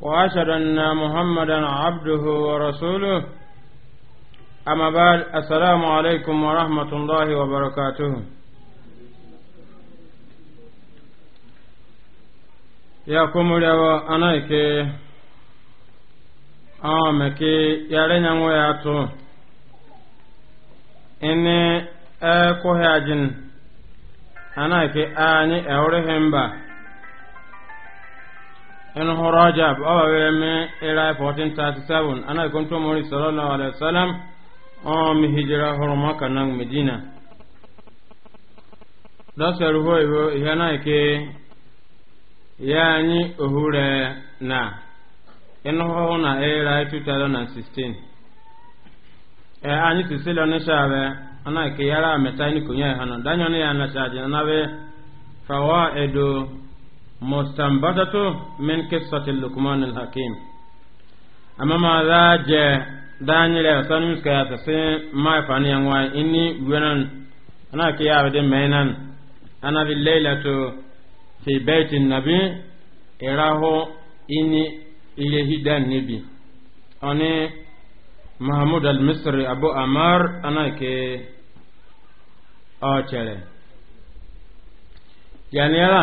Wa chedna muhammad abdu rọsulu asalam alekmramadọhịwabrato yakomriw wa yarịnyanwụ ya ana tụ Ana j anake anyị ewụreghị mba in horajab awa were me ira 1437 ana kun to mori sallallahu alaihi wasallam o mi hijira horo maka nan medina da saru ho ibo yana ke ya ni ohure na in ho na ira 2016 e ani sisilo ne shabe ana ke yara a ni kunya hanu danyo ne ya na shaje na edo مستنبطة من قصة لقمان الحكيم أما ما ذا جاء دانيل سنوس كي أتسين ما يفاني أنواع إني بيونان أنا كي أبدي مينان أنا بالليلة في بيت النبي إراه إني إليه دان نبي أني محمود المصري أبو أمار أنا كي أوتشالي يعني أنا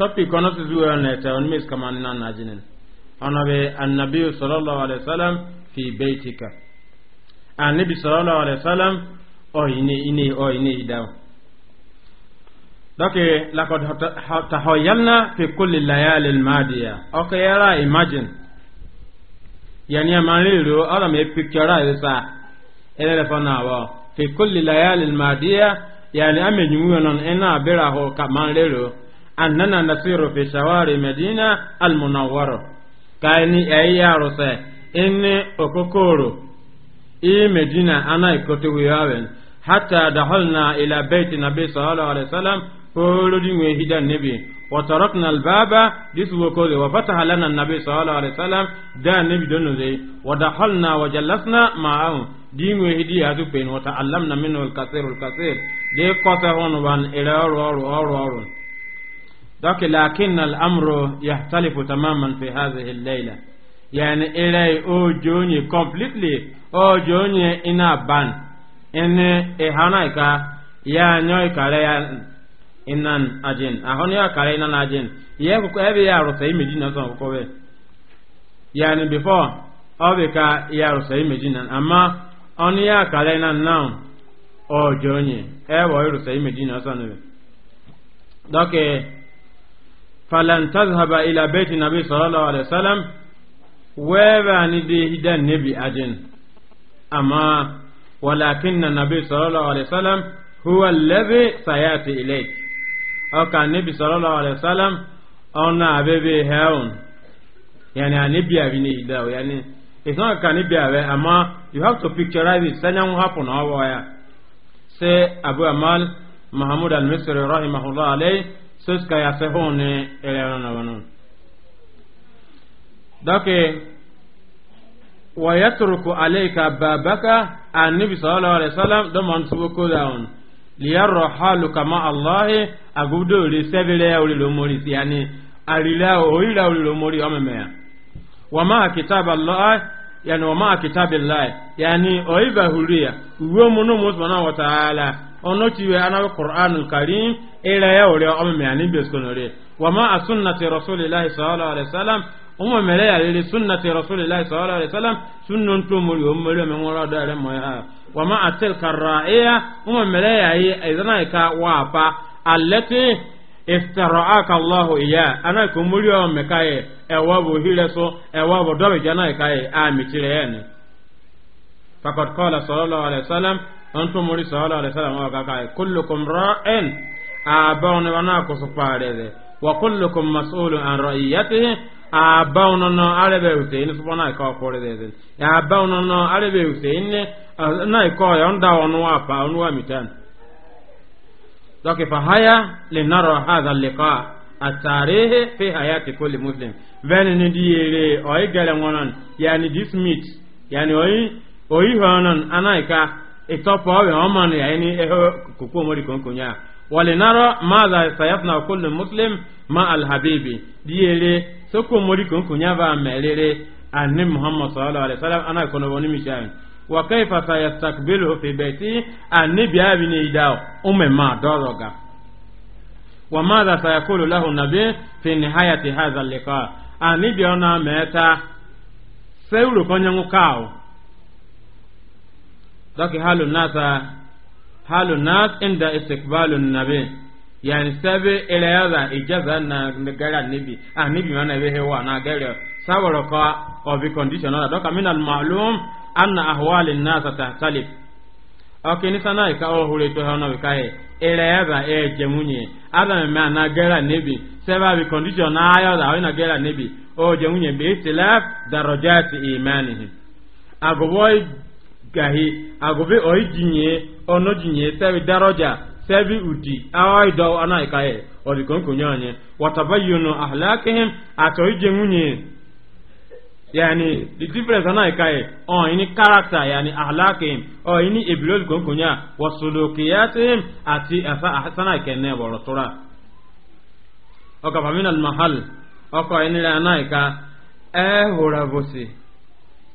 topic ono su zuwa ne ta on mis kama na najinin ono be annabi sallallahu alaihi wasallam fi baitika annabi sallallahu alaihi wasallam o oh, ine ine o oh, ine idaw doke laqad tahayyalna fi kulli layali almadiya o ko yara imagine yani ma lero ala me picture isa ele fa na wa fi kulli layali almadiya yani amenyu wonon ena abira ho kama lero annana nasiru fi shawari medina almunawwaro ka ni ai yaro se inni okokoro i medina ana ikote wiyawen hatta dakhalna ila baiti nabi sallallahu alaihi wasallam polodi we hidan nabi wa tarakna albaba disu ko wa fataha lana nabi sallallahu alaihi wasallam da nabi donu dai wa dakhalna wa jallasna ma'ahu din we hidi ya zu pe wa ta'allamna minhu alkasir alkasir de ko ta honu ban ila ro ro ro ro Dọkị laakin na amụrụ ya fi Tama Mantehazi Leila yaanị ere o o jonyé kọmplixtly o jonyé ị na-aban ịnị ị ha naa ka ya yaa karịa ị na na ya karịa ị na na-ajịn yaa ya arụsịa i meji na o so na kụkọ wee yaanị ka ya arụsịa i meji na ama ọ nịa karị na naụn ọ jonyé ebe ọ ịrụsi i meji na o so falan tazhaba ila baiti nabi sallallahu alaihi wasallam weba ni de hidan nabi ajin amma walakinna nabi sallallahu alaihi wasallam huwa alladhi sayati ilayk aka nabi sallallahu alaihi wasallam ona abebe heun yani anibi abini hidao yani it's not kanibi awe amma you have to picturize it sanyan happen awaya say abu amal mahmud al-misri rahimahullah alayhi soska ya se hone ele na wanu dake wa yatruku alayka babaka annabi sallallahu alaihi wasallam do man subo ko daun liyarra halu kama allah agudo ri sebele ya uri lomori si yani arila oira uri lomori omemea wa ma kitab allah yani wa kitab allah yani oiba huria uwo munu musbana wa ta'ala ono tiwe anawe qur'anul karim ila ya ore o me ani be skonore wa ma sunnati rasulillahi sallallahu alaihi wasallam umma mele ya ile sunnati rasulillahi sallallahu alaihi wasallam sunnun to mori o mele me ngora da re mo ya wa ma atil karra'iya umma mele ya ile idana ka wa pa allati iftara'aka Allahu iya ana ko mori o me kai e wa bo hire so e wa bo do be jana kai a mi tire ene fakat qala sallallahu alaihi wasallam an to mori sallallahu alaihi wasallam wa kaka kullukum ra'in abawna wana kusuparede wa kullukum mas'ulun an ra'iyatihi no ka ya abawna no arebe usein na ko yonda onu apa onu amitan donc fahaya linara hadha liqa atarihi fi hayati kulli muslim veni ni yani yani anaika ìtọ́pọ̀ ọ̀rẹ́ na ya àyẹ́ ní ehe kòkó omori kòkó yá wọlé náró máa zà na muslim ma alhabibi díyere soko omori kòkó yá bá anị muhammad sallallahu alayhi wa sallam aná ìkọ́nà wọn ní mìíràn wọ́n kẹ́ fi bẹ̀tí àní bíábi ní ìdá ọmọ ẹ̀ máa dọ́rọ̀ ga wọ́n máa zà sayakóló fi nìháyà ti hàzà lẹ́kọ́ àní bíọ́ náà mẹ́ta donc حال الناس حال الناس inda استقبال النبي yani sabe ilayaza ijaza na gara nibi ah nibi mana be hewa na gara sawara ka of condition ala donc min al ma'lum anna ahwal an nas tahtalif ok ni sana ka o hure to hona be kai ilayaza e jemunye ada me na gara nibi sabe bi condition na ayo da na gara nibi o jemunye be itilaf darajat imanihim agoboy gahi agobe oyi jinye ono jinye sebi daraja sebi uti awai do ana ikaye odi konko nyanye watabayyunu ahlakihim atoyi jengunye yani the difference ana ikaye on ini character yani ahlakihim o ini konko nya wasulukiyatihim ati ahsana famina al mahal ini ana eh,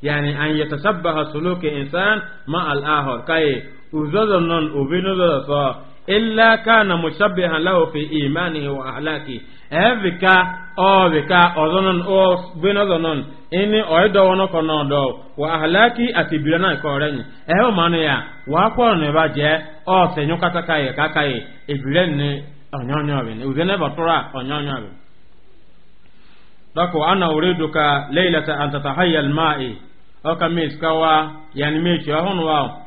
yani an yatashabbaha suluki insan ma al ahar kai uzozo non ubinu zo illa kana mushabbihan lahu fi imanihi wa ahlaki evika ovika ozonon o binozonon ini oido wono kono do wa ahlaki atibirana korenyi eho manu ya wa kwa ne baje o senyu kataka ye kakaye ibirenni onyonyo bi ne uzene batura onyonyo bi dako ana uriduka laylata an tatahayya alma'i oka mis kawa yani mechi ahono wa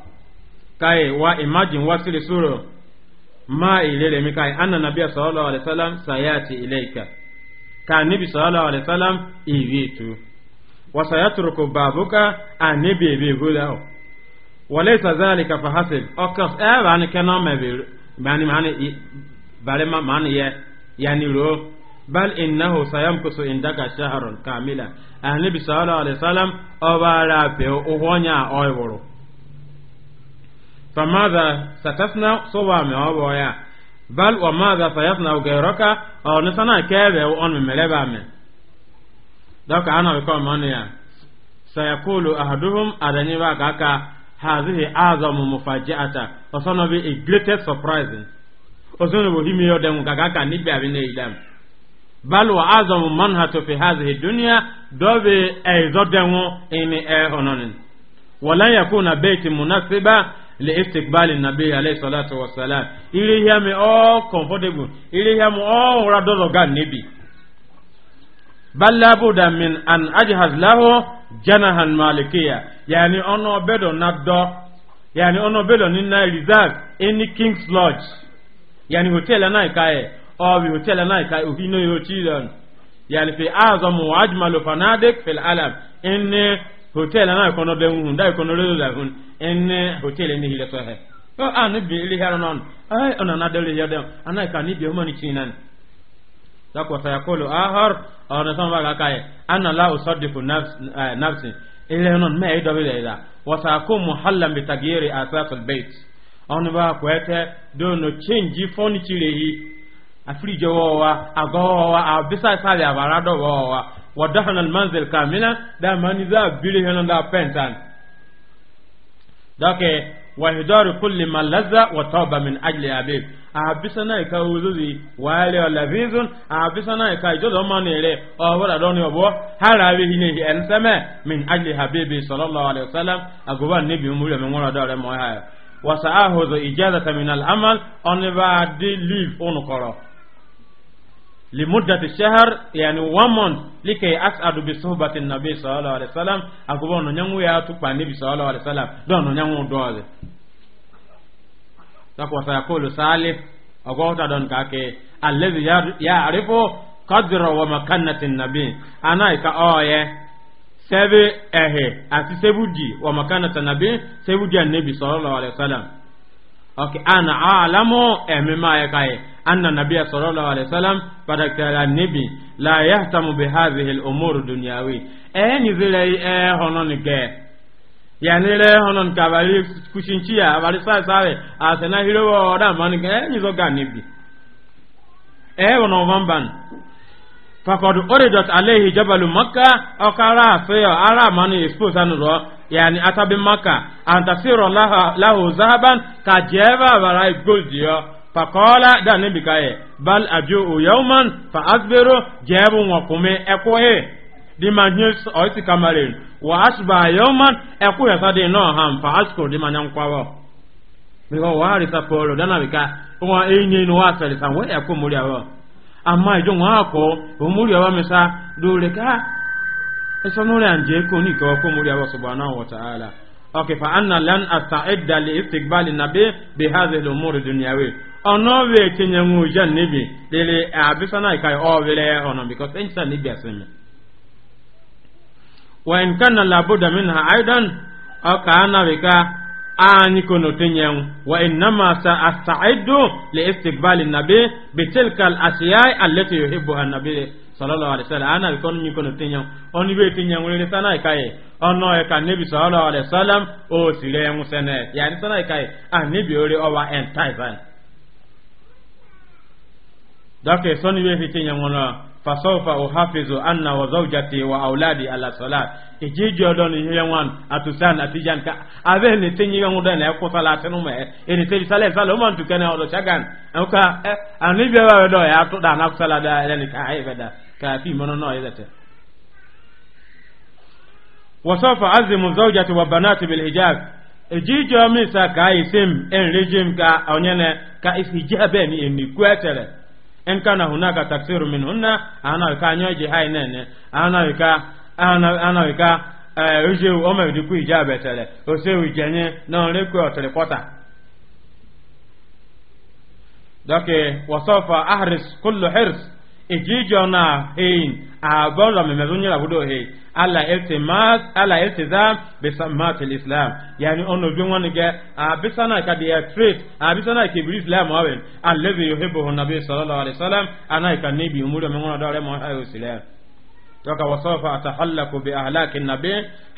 kai wa imagine wasili suro ma'i lele mi kai anna nabiyya sallallahu alaihi wasallam sayati ilayka ka nabi sallallahu alaihi wasallam ivitu wa sayatruku babuka anibi bibula walaysa dhalika fahasib okas ewa ni kana mebe bani mani bare ma mani ye yani ro bal innahu sayamkusu indaka shahrun kamila ahnabi sallallahu alaihi wasallam obara pe uhonya oiwuru famadha satasna soba me oboya bal wa madha sayasna gayraka aw nisana kebe on meleba me doka ana ko ya. sayakulu ahaduhum adani wa kaka hadhihi azamu mufaji'ata osana bi a greatest surprise osana bo himi bal wa azamu manhatu fi hadhihi dunya dobe aizodenwo ini ehononin walan yakuna baiti munasiba li istiqbali nabi alayhi salatu wassalam ili yami all comfortable ili yami all radodo gan nabi bal la buda min an ajhaz lahu janahan malikiya yani ono bedo naddo yani ono bedo reserve any king's lodge yani hotel أوبي وتلا نايكا وهينو يوتيلون يعني في أعظم وأجمل فنادق في العالم إن hotel ana kono de hun dai kono le la hun en hotel ni hile so he o an bi li haro non ay ona na de le yadam ana ka ni bi o mani chinan da ko sa yakolo ahar ona son ba kai anna la usaddiqu nafs e, nafsi ile non me do bi da wa sa ko muhallam bi tagyiri asas al bait on ba ko ete do no afirije wowa agowowa a bisa sali abarado wowa wadahana almanzil kamila da mani za bili da pentan dake wahidaru kulli man lazza wa min ajli abib abisa bisa na ka uzuzi wale wa labizun a bisa na ka jodo manere o wala doni obo harawi hine en seme min ajli habibi sallallahu alaihi wasallam agoba nabi mu le mo wala dare mo ha wasa'ahu ijazata min al-amal on va de لمدة الشهر يعني one month لكي أسعد بصحبة النبي صلى الله عليه وسلم أقول نجمو يا تقبع النبي صلى الله عليه وسلم دون نجمو دوازي تقوى سيقول سالف أقول تدون كاكي الذي يعرف قدر ومكانة النبي أنا إكا أوه sɛbi ɛhɛ ati sɛbi di wa makana tanabi sɛbi di anabi sɔrɔ lɔɔre salam ɔkè ana alamu ɛmi maa yɛ ka yɛ anna nabiyya صلى الله عليه وسلم، níbi la yahtamu bi hadhihi al الأمور الدنيوية. eh ni zile eh hono ni ge yani le hono ni kabali kushinchia abali sa sawe asena hiro oda man ge eh ni zoga nibi eh wono vamban fakod oridat alayhi jabalu makka akara fayo ara man expose anu ro yani atabi makka antasiro lahu zahaban kajeva bara gold fakola da ne bika bal ajo yawman fa asbiru jabu wa kume eko he di ma nye oisi kamarin wa asba yawman eko ya sadi no ham fa asko di ma nyankwawo mi ko wari sa polo dana bika wa enye no asali sa we eko muri awo amma ijo wa ko o muri awo mi sa ka eso no le anje ko ni ko ko muri awo subhanahu wa ta'ala okay fa anna lan asta'idda li istiqbali nabi bi hadhihi al ono we kenya mu nibi dele abisana kai o wele ono because ensa nibi asemi wa in kana labuda minha aidan aw kana bika ani kono tenyen wa sa le li istiqbali nabi bi tilka al ashiya allati nabi sallallahu alaihi ana kon ni kono tenyen oni be sana kai ono o sire sene sana dake soni we fiti nyangona fasawfa uhafizu anna wa zawjati wa auladi ala salat ijiji odon yewan atusan atijan ka ave ne tinyi ngu dan ya ko salatu no me ene tebi sale sale man tu kana odo chagan anka e, ani be wa odo ya to dan ak salada ni ka ai e, beda ka fi mono no yete وسوف عزم زوجتي وبناتي بالحجاب ijiji omi sa ka sim en rejim ka onyene ka isijabe ni eni kwetele in kana hunaka taksiru min hunna ana ka nyoje hai nene ana ka ana ana ka eh uje o me diku ijabe tele o se ujenye na re ku otele kota dake wasafa ahris kullu hirs ijijona hin abọ́lọ̀ mẹ̀mẹ́zó nyẹ́ làbúdó he ala zaa eltizam bisamat islam yani ọ̀nà bí wọn gẹ abisana ka di ẹtrit abisana ka ibiri islam ọ̀wẹ̀ alẹ́bi yohebo nabi sallallahu alayhi wa sallam anayika níbi umuru mi wọn dọ̀rẹ́ mọ́ ayọ̀ sílẹ̀ tọ́ka wasọ́fà àtàhálàkù bí àhàlákì nàbí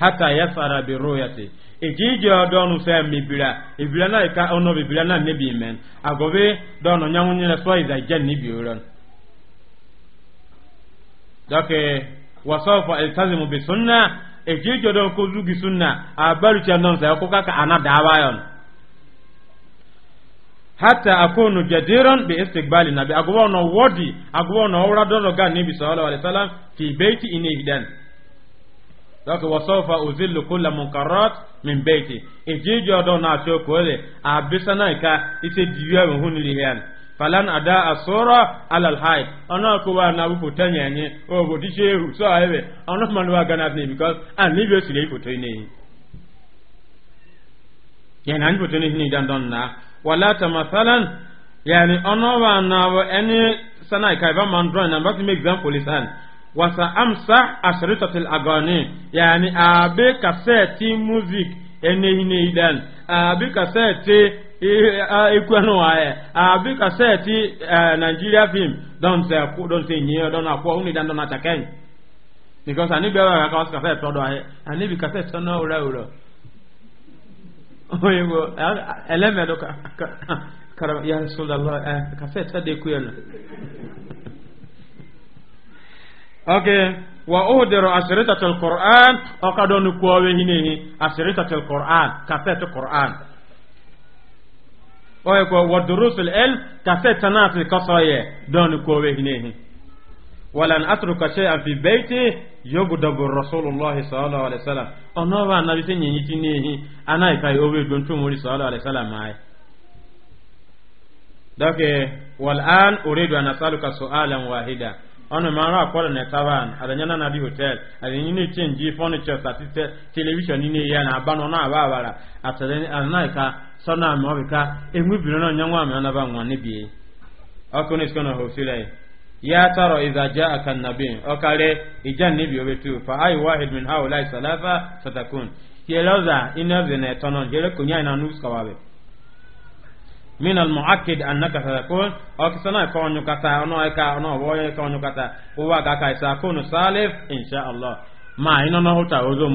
hátà yẹ́sàrà bí róyàtì ìjíjẹ́ ọdọ́nu fẹ́ mi bìrà ìbìrà náà ìka ọ̀nà bìbìrà náà níbi ìmẹ́ àgọ́bí dọ́nu nyẹ́wọ́n nyẹ́lẹ̀ sọ́ níbi òrán dɔke wasɔfɔ iltazimu bi sunna eji jɔdɔ ko zugi sunna a bari cɛ nɔn sɛ ko ka ka ana daaba yɔn hatta akunu jadiran bi istiqbali nabi agobo no wodi agobo no wura dodo ga nabi sallallahu alaihi wasallam fi baiti ini hidan dɔk wasɔfa uzillu kulla min baiti eji jɔdɔ na to ko le a bisana ka ise diwa hun li hen falan ada asora alal haid ona ko wa na bu tanya ni o go di shehu so awe ona man wa gana ah, ni because and leave you sleep to ni yana an to ni ni dan don na wala tamathalan yani ona wa na wa any sana kai ba man don na ba make example is an wasa amsa asritatil agani yani abe kaseti music enehi ne idan abe kaseti ekwenu eh, eh, waye eh. abi ah, ka seti nigeria film don se ku don se nyi don akwa uni dan don ataken because ani be wa ka ka se todo ahe ani bi ka se sono ora ora oye go eleme do ka kara ya rasulullah ka se ta de kuyen okay wa uhdira asritatul qur'an aqadon kuwawe hinehi asritatul qur'an ka se to qur'an oye ko wadurusul ilm kase tanati kosoye don ko wehnehi walan atruka shay'an fi bayti yubdabu rasulullah sallallahu alaihi wasallam ono wa nabi tin yin tinehi anai kai owe don to muri sallallahu alaihi wasallam ai dake wal an uridu an asaluka su'alan wahida ono mara akwara na taban adanyana na bi hotel adanyini change furniture satite television ni ne ya na abano na ababara atadani anai ka sɔnna mɛ o ka eŋu bi nɔnɔ nyɔnua mɛ ɔnaba ŋɔ ne bie ɔkò ne sikɔnɔ hɔ ya la yi yaa tɔrɔ ìzàjá àkànnàbí ɔkàrɛ ìjà ne bie tu fa ayi wa edwin awo lai salafa satakun na ina zina tɔnɔ ina al mu'akkid annaka satakun ɔkisana kɔn nyukata ɔnɔ ɛka isa kunu salif insha allah ozo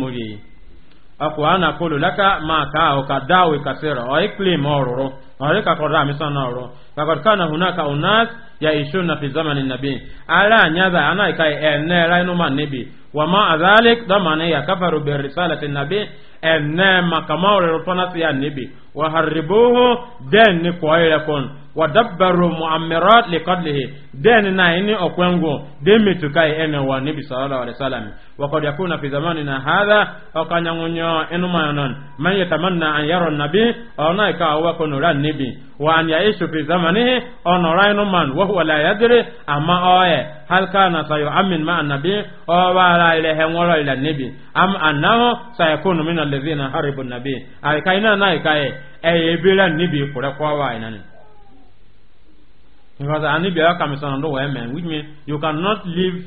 akwa ana kolo laka ma ka o ka dawe kasira o iklim ororo ọ̀rẹ́ kakọ̀dá àmísàn náà rọ kakọ̀dá kan hunaka unas ya iṣu fi zamani nabi ala nyaza ana kai ene la inu ma nabi wa ma azalik dama ne ya kafaru bi risalati nabi ene makama ore rutona si ya nabi wa haribuhu den ni ko ile kon wa dabbaru mu'ammirat li qadlihi den na ini okwengo den mitukai ene wa nabi sallallahu alaihi wasallam wa qad yakuna fi zamani na hadha akanyangunyo inu ma non man yatamanna an yara nabi ona ika wa kono ran nibi wa an yaishu fi zamanihi ono rainu man wa huwa la yadri amma oye hal kana sayu'min ma annabi o wa la ilaha ngoro ila nibi am annahu sayakunu min alladhina haribu nabi ay kaina na ay kai e ebira nibi kure kwa wa inani because anibi kamisa ndo wa men which means you cannot live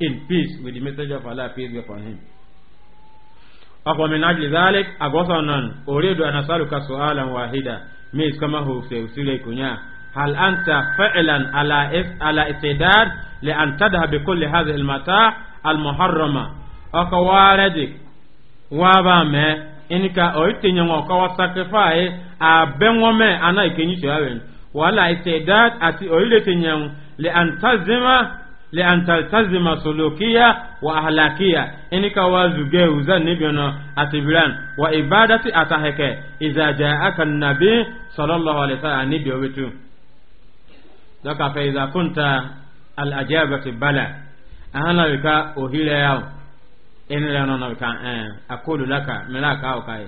in peace with the messenger of Allah peace be upon him أقوى من أجل ذلك أقوى أريد أن أسألك سؤالا واحدا mi kama ho fe sile kunya hal anta fa'ilan ala is ala istidad li an tadha bi kulli hadhihi al mata' al muharrama akawaradi wa ba me inika oitenye ngo ka wa sacrifice a benwo me ana ikenyi to wala istidad ati oile tenye li an tazima لأن تلتزم سلوكية وأهلاكية إنك وزوجي وزن نبينا أتبران وإبادة أتهك إذا جاءك النبي صلى الله عليه وسلم نبي وتو ذكا فإذا كنت الأجابة بلى أهلا بك أهلا يو إن لنا بك أقول لك ملاك أوكاي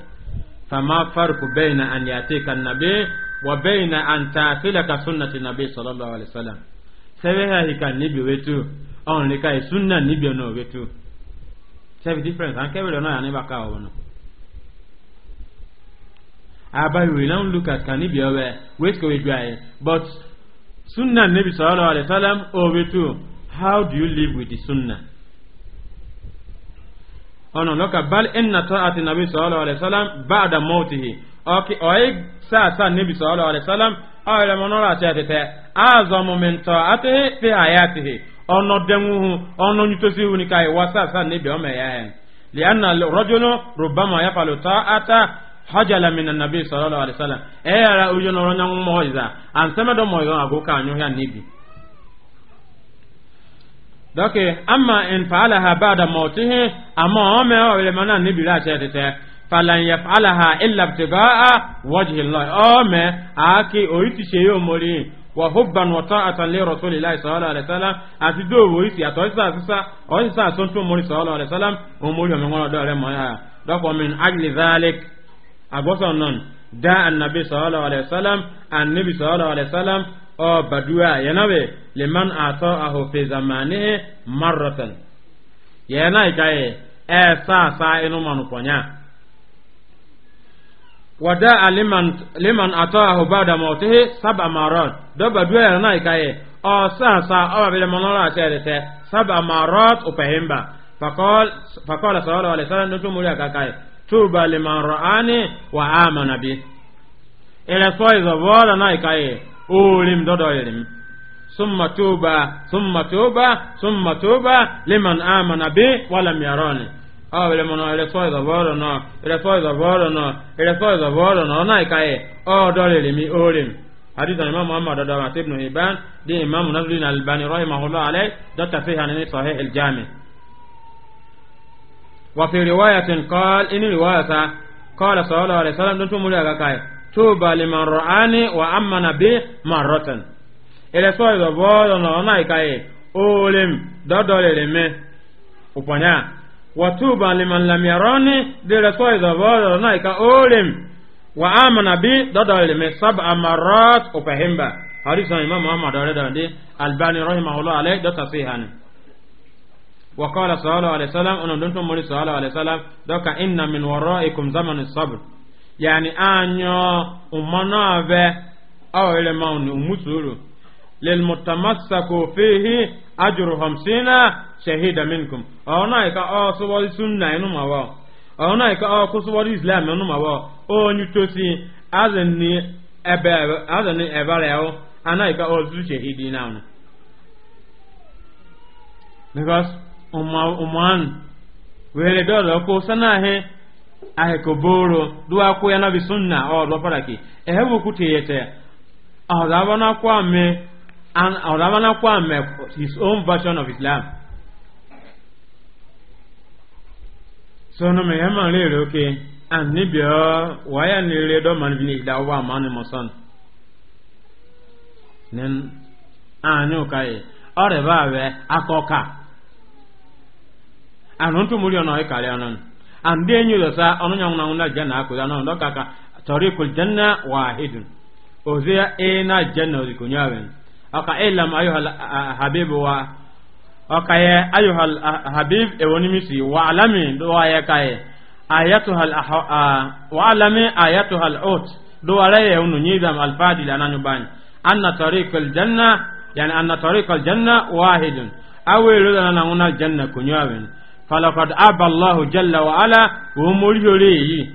فما فرق بين أن يأتيك النبي وبين أن تأتي لك سنة النبي صلى الله عليه وسلم seveha hika nibio wetu on lika e sunna nibio no wetu seven difference an kebe no ya ne baka wono abai ah, we now look at kanibio we wait ko we dry but sunna nabi sallallahu alaihi wasallam o wetu how do you live with the sunnah ọ̀nà oh, lọ́kà bal ẹ̀nà tó àti nàbí sọ́ọ́lọ́ alẹ́sálàm bá àdàmọ́tìhì ọ̀kì ọ̀ẹ́ sáà sáà níbi sọ́ọ́lọ́ alẹ́sálàm ọyịrị m nọrọ atị atịtị azọ m mịntọ atịghị tị ha ya atịghị ọnụ denwuhu ọnụ nyutosi ihu nika iwa sasa n'ebe ọ mee ya hen lianna rọjụlụ rubama ya falụtọ ata hajala mina nabi sallallahu alaihi wasallam e yara ujo nọrọ nyanwụ mọ ịza ansemedo mọ ịza agụ ka anyụ ya n'ibi dọkị ama nfa faala ha bada mọtịghị ama ọ mee ọ were mana n'ibiri achị atịtị falan yaf'alaha illa ibtigaa wajhi Allah o me aki oyi ti se yo mori wa hubban wa ta'atan li rasulillahi sallallahu alaihi wasallam ati do wo isi ato isa sisa o isa so mori sallallahu alaihi wasallam o mori o me won do re mo ya do ko min ajli zalik agoso non da annabi sallallahu alaihi wasallam annabi sallallahu alaihi wasallam o badua yanabe liman ata'ahu fi zamanihi marratan yana ikaye e sa sa inu manukonya wada liman liman ataahu ba'da mawtihi sab'a marat doba duya na ikaye o sa sa o bile monora sele se sab'a marat upehimba faqal faqala sallallahu alaihi wasallam nutu mulia kakaye tuba liman ra'ani wa amana bi ila so izo wala na ikaye o lim dodo ilim summa tuba summa tuba summa tuba liman amana bi wa lam yarani awere m na eresọiza bọrọ na eresọiza bọrọ na eresọiza bọrọ na ọna ikaye ọdọrịrị mi orim hadith na imam muhammad adam ati ibn hibban di imam nasruddin albani rahimahullah alayh dr fiha ni sahih aljami wa fi riwayatin qal in riwayata qala sallallahu alaihi wasallam dun tumuri aga tuba liman ra'ani wa amana bi marratan eresọiza bọrọ na ọna ikaye orim dọdọrịrị mi upanya watuba liman lam yarani dira so izo bodo na ka olim wa amana bi dodal me sab amarat upahimba hadisa imam muhammad alada ndi albani rahimahullah alayhi dota sihan wa qala sallallahu alayhi wasallam ono donto mori sallallahu alayhi wasallam doka inna min waraikum zaman sabr yani anyo umana ve awele mauni umusuru lil mutamassaku fihi ajụrụ hamsina shahida minkum ọ̀nà ìka ọ sọ́wọ́dí sunna inú ma wọ́ ọ̀nà ìka ọ̀ kó sọ́wọ́dí islam inú ma wọ́ onye tosi azani ẹ̀bẹ̀rẹ̀ ọ̀ ana ìka ọ̀ zu shahidi náà because umuan were dọ́ọ̀dọ̀ kó yanabi sunna ọ̀ and Ravana Kwan his own version of Islam. So no uh, me yaman le roke and ni bi waya ni le do man bini da wa man mo son. Nen anu kai ore ba we akoka. Anu tu muri ona ikale anan. And de nyu do sa onu nyangu na una jana ko na ndo kaka tariqul janna wahidun. Ozia ena eh, janna ozikunya wen. aka ilam ayuhal habib wa aka ya ayuhal habib ewonimisi wa alami dowa ya kaye ayatuhal wa alami ayatuhal ut dowa raye unu nidam alfadil ananyubani anna tariqal janna yani anna tariqal janna wahidun awiru dana nangunal janna kunyawen falakad aballahu jalla wa ala wo yi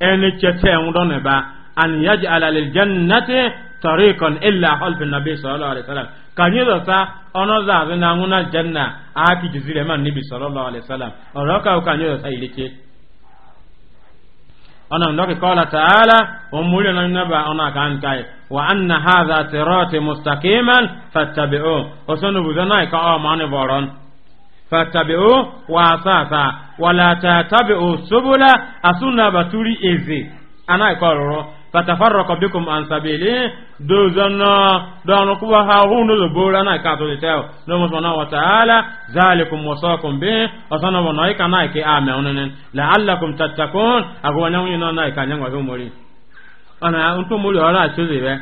ẹni cẹtẹ ń ba an yaj'ala lil jannati tariqan illa halfi nabi sallallahu alaihi wasallam kanyi da sa ono za zin na nguna janna a ki jizire man nabi sallallahu alaihi wasallam oro ka kanyi da sa ilike ona ndoke qala ta'ala wa mulya na naba ona kan kai wa anna hadha sirati mustaqiman fattabi'u osonu buzana ka o mane boron fattabi'u wa asasa wala tatabi'u subula asuna baturi eze ana ikororo fatafarraqa bikum an sabili dozanna donu kuwa ha hunu lubura na ka to de teo no mo sona wa taala zalikum wasaqum bi asana wa naika naike ame onen la'allakum tattaqun agwa nyamu na naika nyangwa so mori ana unto mori ora choze be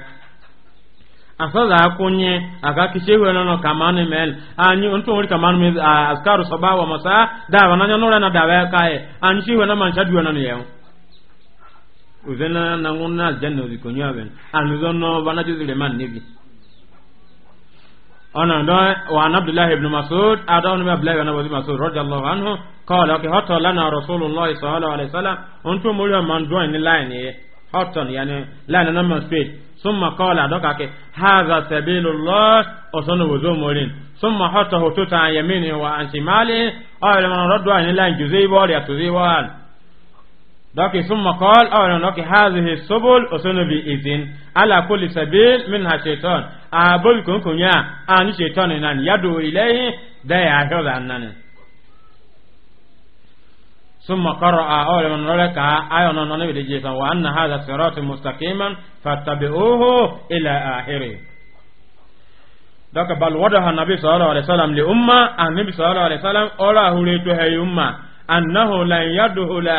asaza akunye akakishe wenono kamani mel anyi unto mori kamani mel askaru sabawa masa dawa nanya nora na dawa kae anyi shi wenama nchadu wenono yeo uzena na ngona aljanna uzikonywa ben anuzono bana juzile man nibi ona ndo wa abdullah ibn mas'ud adawna ma abdullah ibn mas'ud mas'ud radiyallahu anhu qala ki hatta lana rasulullah sallallahu alaihi wasallam onto mulya man do ni line hatta yani lana na man space qala doka ke hadha sabilullah osono wozo molin summa hatta hututa yamini wa an shimali man radwa ni line juzei bori atuzi wa لكن ثم قال أولا لك هذه السبل أسنو بإذن على كل سبيل منها شيطان أبول كن كن يا أني شيطان نان يدعو إليه داي أحيو ذنان ثم قرأ أولا من لك أيضا ننبي لجيسا وأن هذا صراط مستقيما فاتبعوه إلى آخره dɔkɛ bal wadaha nabi sallallahu alaihi wasallam li umma an ah, nabi sallallahu alaihi wasallam ora hure to hay umma annahu lan yadhula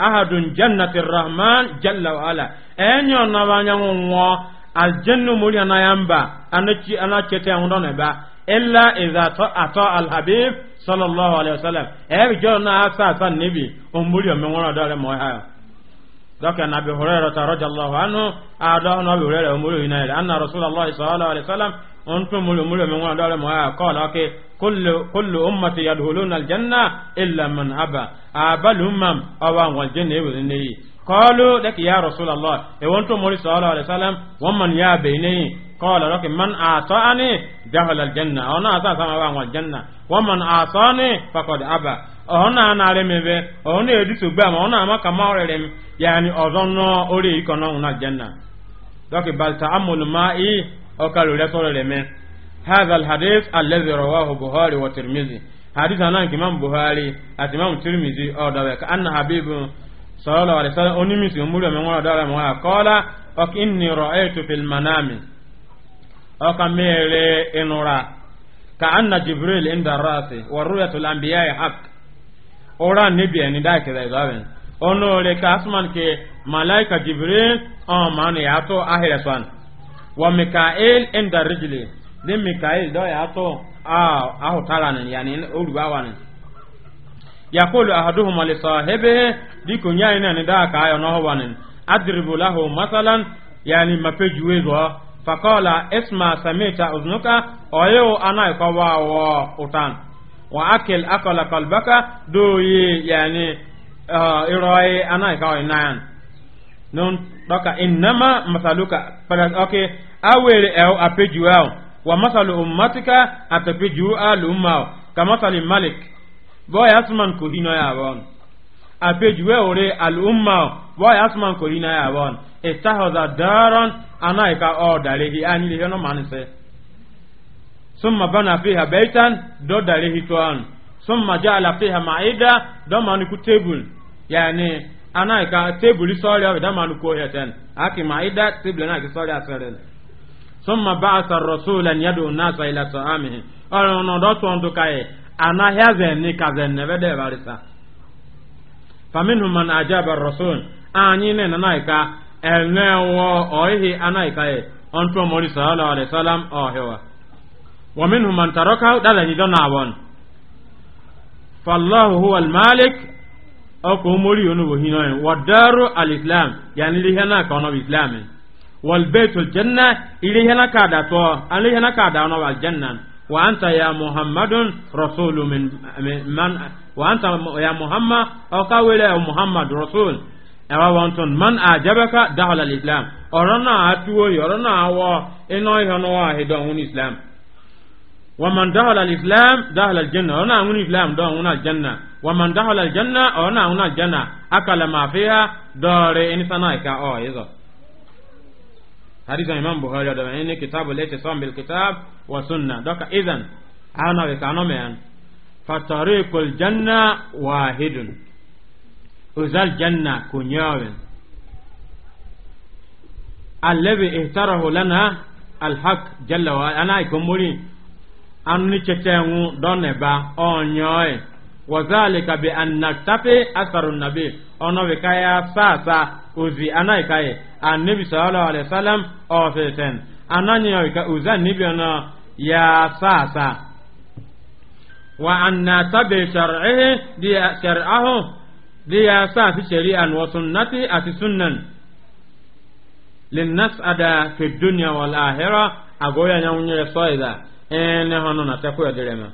ahadun jannati rahman jalla wa ala enyo na banya nwo aljannu muri na yamba anachi anachete ndo na ba illa idha ata al habib sallallahu alaihi wasallam e jo na asa asa nibi umuri o menwora dole mo ha doka na bi hurayra ta radiyallahu anhu ada na bi hurayra umuri ina ila anna rasulullah sallallahu alaihi wasallam onto muri umuri o menwora dole mo ha qala okay كل كل أمة يدخلون الجنة إلا من أبى أبى الأمم أوان والجنة يبذني قالوا لك يا رسول الله وانتم مولي صلى الله عليه وسلم ومن يا بيني قال لك من أعطاني دخل الجنة أنا أعطى سما وان والجنة ومن أعطاني فقد أبى أنا أنا علمي به أنا يدوس بام أنا ما كما علم يعني أظن أولي يكون الجنة لك بل تأمل ما إيه أكلوا لك هذا الحديث الذي رواه البخاري والترمذي حديث عن الإمام البخاري الإمام الترمذي أو ذلك أن حبيب صلى الله عليه وسلم أنمس أمور من وراء دار قال أك إني رأيت في المنام أك ميري إنورا كأن جبريل عند الرأس ورؤية الأنبياء حق أورا نبي أن ذاك ذا أنه لك أسمان كي ملائكة جبريل أو من يأتو أهل سوان وميكائيل عند رجلي de mikael ah, dɔ y'a tɔ aa aho tara ni yanni olu b'a wani yakolu ahaduhu mali sɔ hebe di ko nya ina ni daa kaa yɔn ɔho wani adiribu lahu masalan yanni mape juwe zɔ fakɔla esma samita uzunuka ɔyewo ana ikɔ waa wɔ utan wa akil akɔla kalbaka doo ye yanni uh, ah, irɔye ana ikɔ ɔyinayan nun dɔka innama masaluka pɛrɛ ɔke awere ɛw apejuwe aw. wa masalu ummatika atapeju alumma kamasali malik boya asman ko hino ya bon apejuwe ore alumma boya asman ko hino ya bon istahaza daran anaika o dalehi ani le no manse summa bana fiha baitan do dalehi toan summa ja'ala fiha ma'ida do maniku table yani anaika table sorry da maniku heten aki ma'ida table na ki sorry aseren summa ba'asa rasulan yad'u nasa ila ta'amihi ọ̀rọ̀ ọ̀nà ọ̀dọ́ tó ń dùkà yẹ anahia zẹni ka zẹni bẹ dẹ bari sa man ajaba rasul anyi ne nana ika ẹnẹ wọ ọyihi ana ika yẹ ọ̀ntọ́ mọ́rí sallallahu alayhi salam man dada huwa islam والبيت الجنة إليه نكاد تو عليه نكاد أنا الجنة وأنت يا محمد رسول من من وأنت يا محمد أو قول محمد رسول ẹwà wọn tún man àjẹbẹka dáhùlà islam ọ̀rọ̀ náà àtúwò yìí ọ̀rọ̀ náà wọ iná ìhànà wà àhìdọ̀ ọ̀hún islam wọn man dáhùlà islam dáhùlà jẹ́nà ọ̀rọ̀ náà ọ̀hún islam dọ̀ ọ̀hún àjẹ́nà wọn man dáhùlà jẹ́nà ọ̀rọ̀ náà ọ̀hún àjẹ́nà akàlà màfíà dọ̀ọ̀rẹ̀ ẹni sanáà ìka ọ̀ yìí zọ̀ hadisa imam buhari da ne kitabu lati sam bil kitab wa sunna doka idan ana we kano men fa tariqul janna wahidun uzal janna kunyawen allabi ihtarahu lana al haq jalla wa ana ikomuri an ni chetengu doneba onyoe wazalika bi an naktafi atharun nabi ono we sasa uzi ana ikaye annabi sallallahu alaihi wasallam ofeten ananya ka uzan nibi na ya sasa wa anna tabi shar'ihi di shar'ahu di ya sa fi shari'an wa sunnati ati sunnan linnas ada fi dunya wal akhirah agoya nyaunye soida ene hono na takuya dilema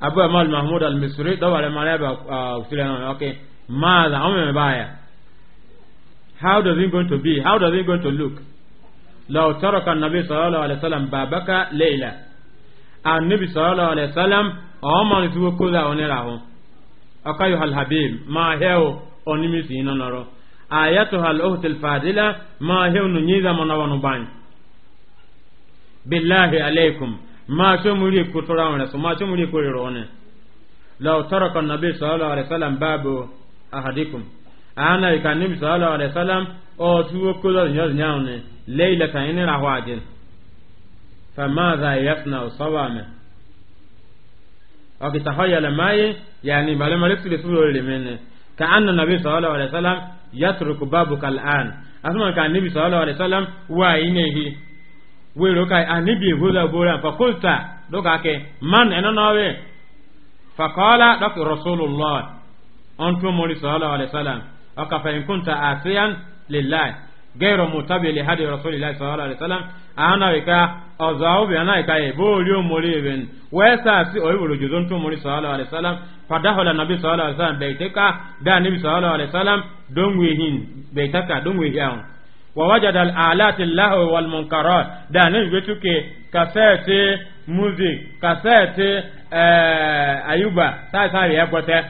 abu amal mahmud al misri dawale malaba usilana uh, okay madha umme baya how does it going to be how does it going to look law taraka an-nabi sallallahu alaihi wasallam babaka layla an-nabi sallallahu alaihi wasallam ọmọ tí wọ́n kó láwọn ní ràhùn ọkàyọ̀ alhabib máa hẹ́wọ̀ onímìsì iná nọ̀rọ̀ ayẹ́tò alóhùtìl fàdílà máa hẹ́wọ̀ nù yíza mọ́nàwọ́nù báyìí bilahi aleikum máa tó múrí ikú tó ráwọn rẹ̀ sọ máa tó múrí ikú ahadikum ana ka nabi sallallahu alaihi wasallam o tuwo kodo nyo nyaune leila ka ina ra wajin fa ma za yasna sawame o ki tahayyala mai yani bale male tuli sulu le menne ka anna nabi sallallahu alaihi wasallam yatruku babuka al'an asma ka nabi sallallahu alaihi wasallam wa inehi wero ka anibi ah, hoza bora fa kulta doka ke man enonawe fa qala dak rasulullah antu mori sallallahu alaihi wasallam aka fa in kunta asiyan lillahi gẹ́rọ mutabi li hadi rasulillahi sallallahu alaihi wasallam ana wika ọzọ bi ana ika ebo ori omori ibin wẹsa si oyibolo jozo ntun mori sallallahu alaihi wasallam fadahola nabi sallallahu alaihi wasallam beiteka da nabi sallallahu alaihi wasallam dongwehin beiteka dongwehin ahun ووجد الآلات الله kasete ده نجبتك كاسيت موزيك كاسيت أيوبا ساي ساي يبوته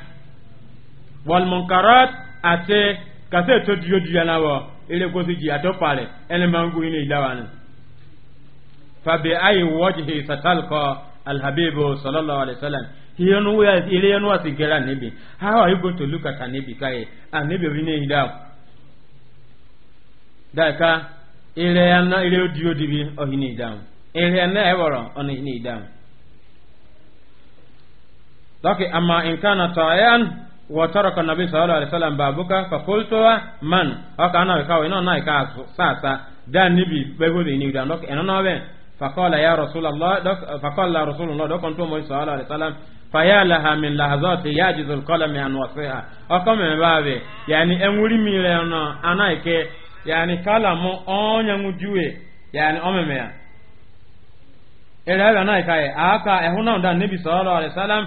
والمنكرات ate kase to diyo diya na wo ile gosi ji ato pale ene mangu ine ilawan fa bi ayi wajhi satalqa al habibu sallallahu alaihi wasallam hiyo nu ya ile yanu asigera nibi how are you going to look at an nibi kai an nibi wine ida daka ile yana ile diyo dibi ohine ida ile yana eworo onihine ida Laki amma in kana tayan وترك النبي صلى الله عليه وسلم بابك فقلت من أك أنا بكاو إنه نايكا ساسا دا نبي بيقول إني دا نوك إنه نوبين فقال يا رسول الله دك فقال يا رسول الله دك أنتم صلى الله عليه وسلم فيا لها من لحظات يعجز القلم عن وصفها أكم بابي يعني أموري ميلنا أنا إك يعني كلام أن يمجوي يعني أممي إلى أنا إكاي أكا إهونا دا نبي صلى الله عليه وسلم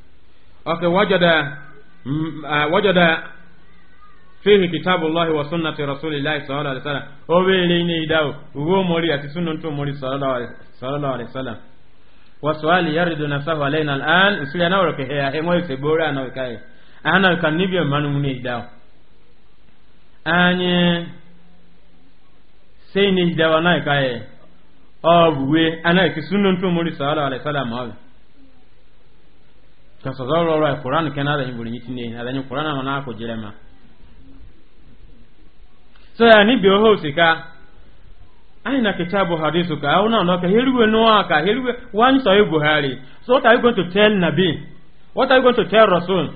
okay wajada uh, wajada fihi kitabu llahi wa sunnati rasulillahi sallallahu alaihi wasallam obere ni idawo uwo mori ati sunna to mori sallallahu alaihi wasallam wa su'ali yaridu nafsahu alaina al'an isili na woro ke ya he mo se bora na kai ana kan nibi manu ni idawo anye sei ni idawo na kai obwe ana ki sunna mori sallallahu alaihi wasallam tasazawro ro Qur'an kana da ibuli nyitine na da Qur'an ma na ko jirema so ya ni biyo hosika ai na kitabu hadithu ka au na no ka helwe no aka helwe wani sahih buhari so what are you to tell nabi what are you to tell rasul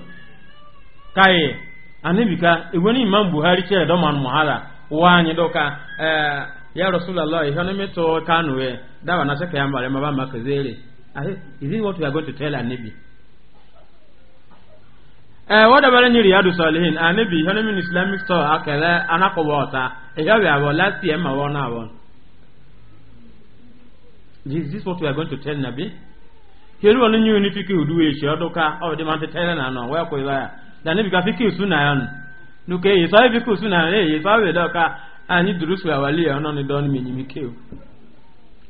kai anibika igoni imam buhari che do man muhala wani doka eh ya rasulullah ihone meto kanwe dawa na seka yamba le mabamba kezele is this what we are going to tell anabi ee wadabere nyiri ya dusolihin ani bi ihe min islamic store akele ah, anakobo ọta ejobi eh, abo last year ma wọn abọ is this what we are going to tell nabi kiri wọn nyi ni fiki udu echi ọdụka ọ dị mantị tere na anọ wee kwa ya na nabi ka fiki usu na ya nụ nuke yi sọ fiki usu na ya yi sọ wedo ka anyị durusu awali ya ọnọ ni dọn mi nyimi keu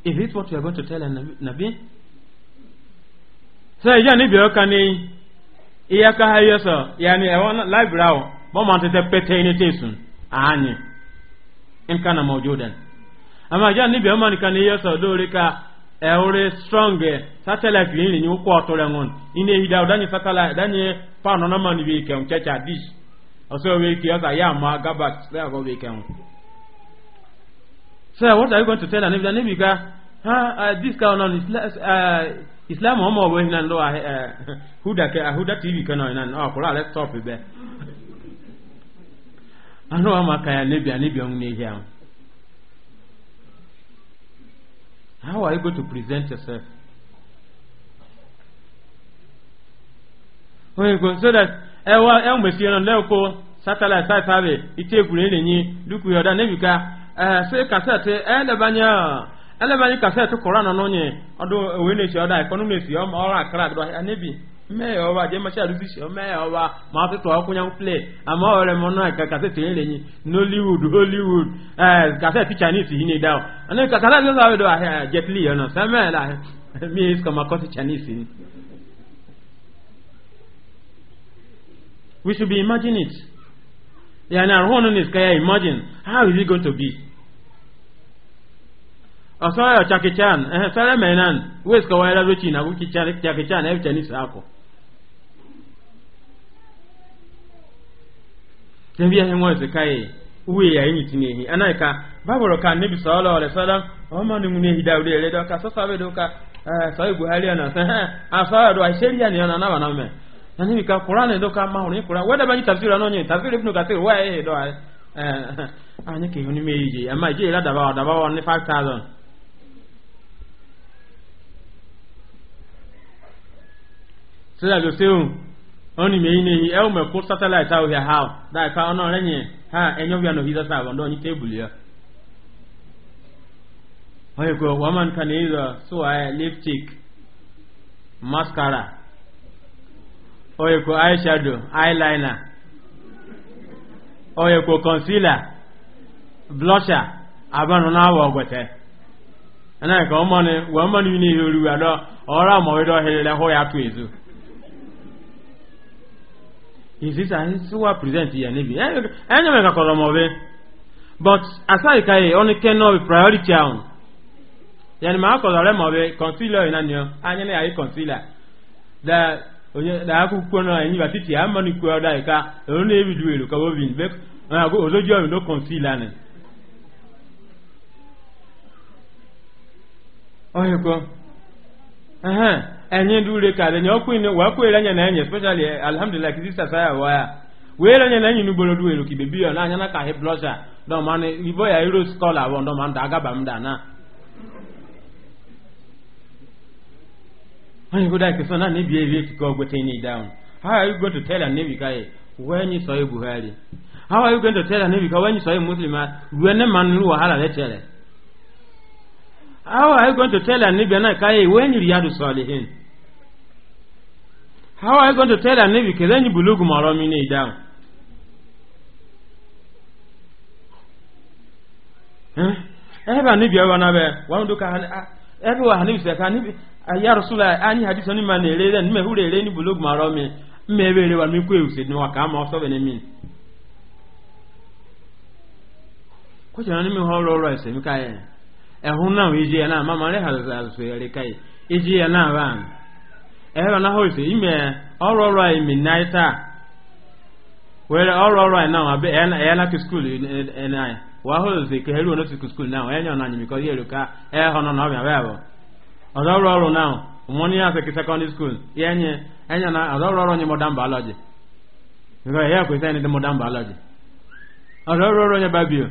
is this what we are going to tell nabi so ejo ni bi ọka n'eyi iya ka ha yeso yani ewon library bo man tete pete ni tesun ani in kana mawjudan ama ja ni be man kan yeso dori ka ewore e strong e, satellite ni ni ko otore ngon ine hida odani satellite dani pa no na man bi ke on checha dish oso we ki asa ya ma gaba se go we ke on so what are you going to tell an if the nabi ka ha uh, this guy on is islam ọmọ ọbọ hin nan lọ ẹ huda kẹ ahuda ah, tv kan náà nan ọ kúrò alẹ stop bẹ anu wa ka ya nebi anebi ọhún n'ehi ahụ how are you going to present yourself onye go so that ẹ wá ẹ ń gbèsè náà lẹ́ẹ̀kọ́ satellite site survey ìtẹ́ egwuregwu na-enye dukwu yọ̀ọ̀dá nebi eh, ka ẹ sọ kasẹ́ẹ̀tì ẹ lẹ́bàá nyẹ́ elebanye kaset nọ n'onye ọdụ owe na-esi ọda ikọnụ na-esi ọra akara adịrọ ahịa nebi mmee ya ọwa jee machi arụzi isi omee ya ọwa ma ọtụtụ ọkwụnye play ama ọrịa m ọnụ aka kaset erenyi nollywood hollywood ee kaset chinese yi na-ede ahụ ọnụ ka kaset ọzọ ahụ ahịa e, jetli ya nọ seme na ahịa mmiri isi kọma kọsi chinese ni we should be imagine it yani arụhụ ọnụ na-esikaya imagine how is it going to be osoyo chakichan eh sare menan wes ko wala ruchi na wuki chari chakichan e chani sako tembiya he mwaze kai uwe ya yini tinehi anaika baboro kan nabi sallallahu alaihi wasallam o ma ni munye hidawde le do ka sasa be do ka eh sai buhari ana sa asaya do asheria ni ana na bana me nani mi ka qur'an do ka ma hore qur'an wada ba ni tafsir anonye tafsir ibn kathir wa eh do eh anya ke yoni meje ama je la daba daba on 5000 sila seun oni me ine yi ewu me ko satellite awo ya that i ka ono any ha enyo bia no hiza sa bondo ni table ya hayo ko waman kan iza so ay lipstick mascara oye ko eyeshadow eyeliner oye ko concealer blusher abanu na awo ogwete ana ka you need to mọ̀ ní ilé ìhòòrùwà lọ ọ̀rọ̀ àmọ̀wé lọ́hẹ̀rẹ̀ isisa nsiwa present yɛ ne bi ɛnyɛ mɛ kakɔrɔ mɔ bi but asaayi ka yi ɔni kɛ nɔ bi priority ahun yanni maa kɔrɔ rɛ mɔ bi concealer yi na niɔ anyɛ ne ayi concealer da onye da aku kukwo na enyi ba titi ama ni kuwa da ika ero na ebi duwe lo kabo bin be na go ozo jo mi no concealer ne oye ko eh enye ndị ure ka denye ọkụ ine wee kwere enye na enye especially eh, alhamdulillah kizista ya waya wee lenye na enyi n'ugboro du elu kibe biyo na anya na ka heblosha dọmanụ ibo ya iro skola abụọ dọmanụ da agaba m da onye go dike so na ebi ebi ekike ogwete ni down how Ha you going to tell a nebi ka when you saw buhari Ha are you going to tell a nebi ka when you saw muslim when man wahala lechere How are you going to tell an Ibn Kaye when you Riyadu Salihin? How are you going to tell an Ibn Kaye Bulugu Maromine down? Ebe anibi ewa na be, wa ndo ka ebe wa anibi ka anibi ya rasula anyi hadisi ni ma na ere le ni me hure ere ni bulog maro mi me ebe ere wa mi ku ma ọsọ be ni mi. Ko jana ni mi ehunna iji na mama re hal so yare kai iji na ba ehwa na ime oro were oro oro ai na abi e e ki school ina e, wa hoise ke helu no ti school now enyo na nyi because yero ka ehwa no na ba ba oro oro oro now money as a secondary school yenye enyo na oro modern biology ni modern biology babio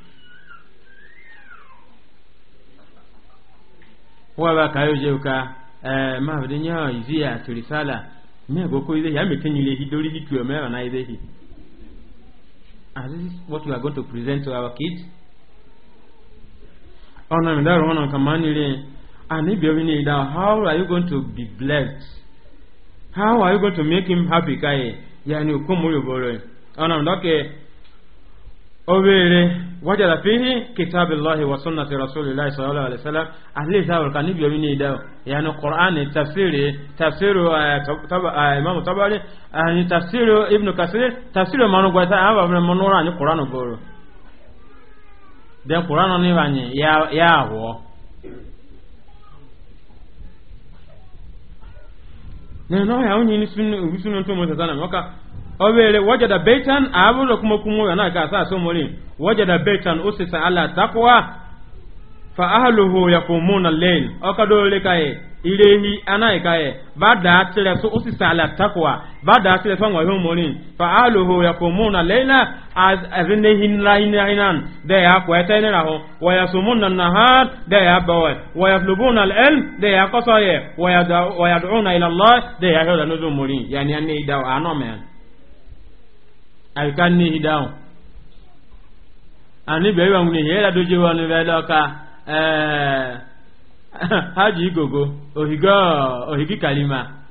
waba kayo jeuka eh mabde nyo izia tulisala me goko ile ya mekenyile hidori hitu me na ile hi and ah, this what we are going to present to our kids ona mi daro ona kamani le ani bi obini da how are you going to be blessed how are you going to make him happy kai yani ukomo yoboro oh, ona ndoke obere wajala fihi kitabillahi wa sunnati rasulillahi sallallahu alaihi wasallam ahli zawal kan bi yoni da yani qur'an tafsir tafsir eh, eh, imam tabari ani eh, tafsir ibn kasir tafsir manu gwa ta aba mun munura ni qur'an goro den qur'an ni bani ya ya wo ne no ya onyi ni sunu sunu to mo ta na maka obere wajada baitan aburo kuma kuma yana ga sa so mori wajada baitan usisa ala taqwa fa ahluhu ka al-layl akadole kai irehi anai kai bada tire so usisa ala taqwa bada tire so ngwa mori fa ahluhu yaqumuna al-layla aznihin lahinan da ya ko etai ne raho wa yasumuna na nahar da ya bawa waya yatlubuna na ilm da ya qasaye wa yad'una ila Allah da ya n'uzu hada nuzumuri yani anne anọ anomen abikan ni hidaw ani be wa ngune yera doje wa ni velo ka eh hajj gogo ohigo ohigi kalima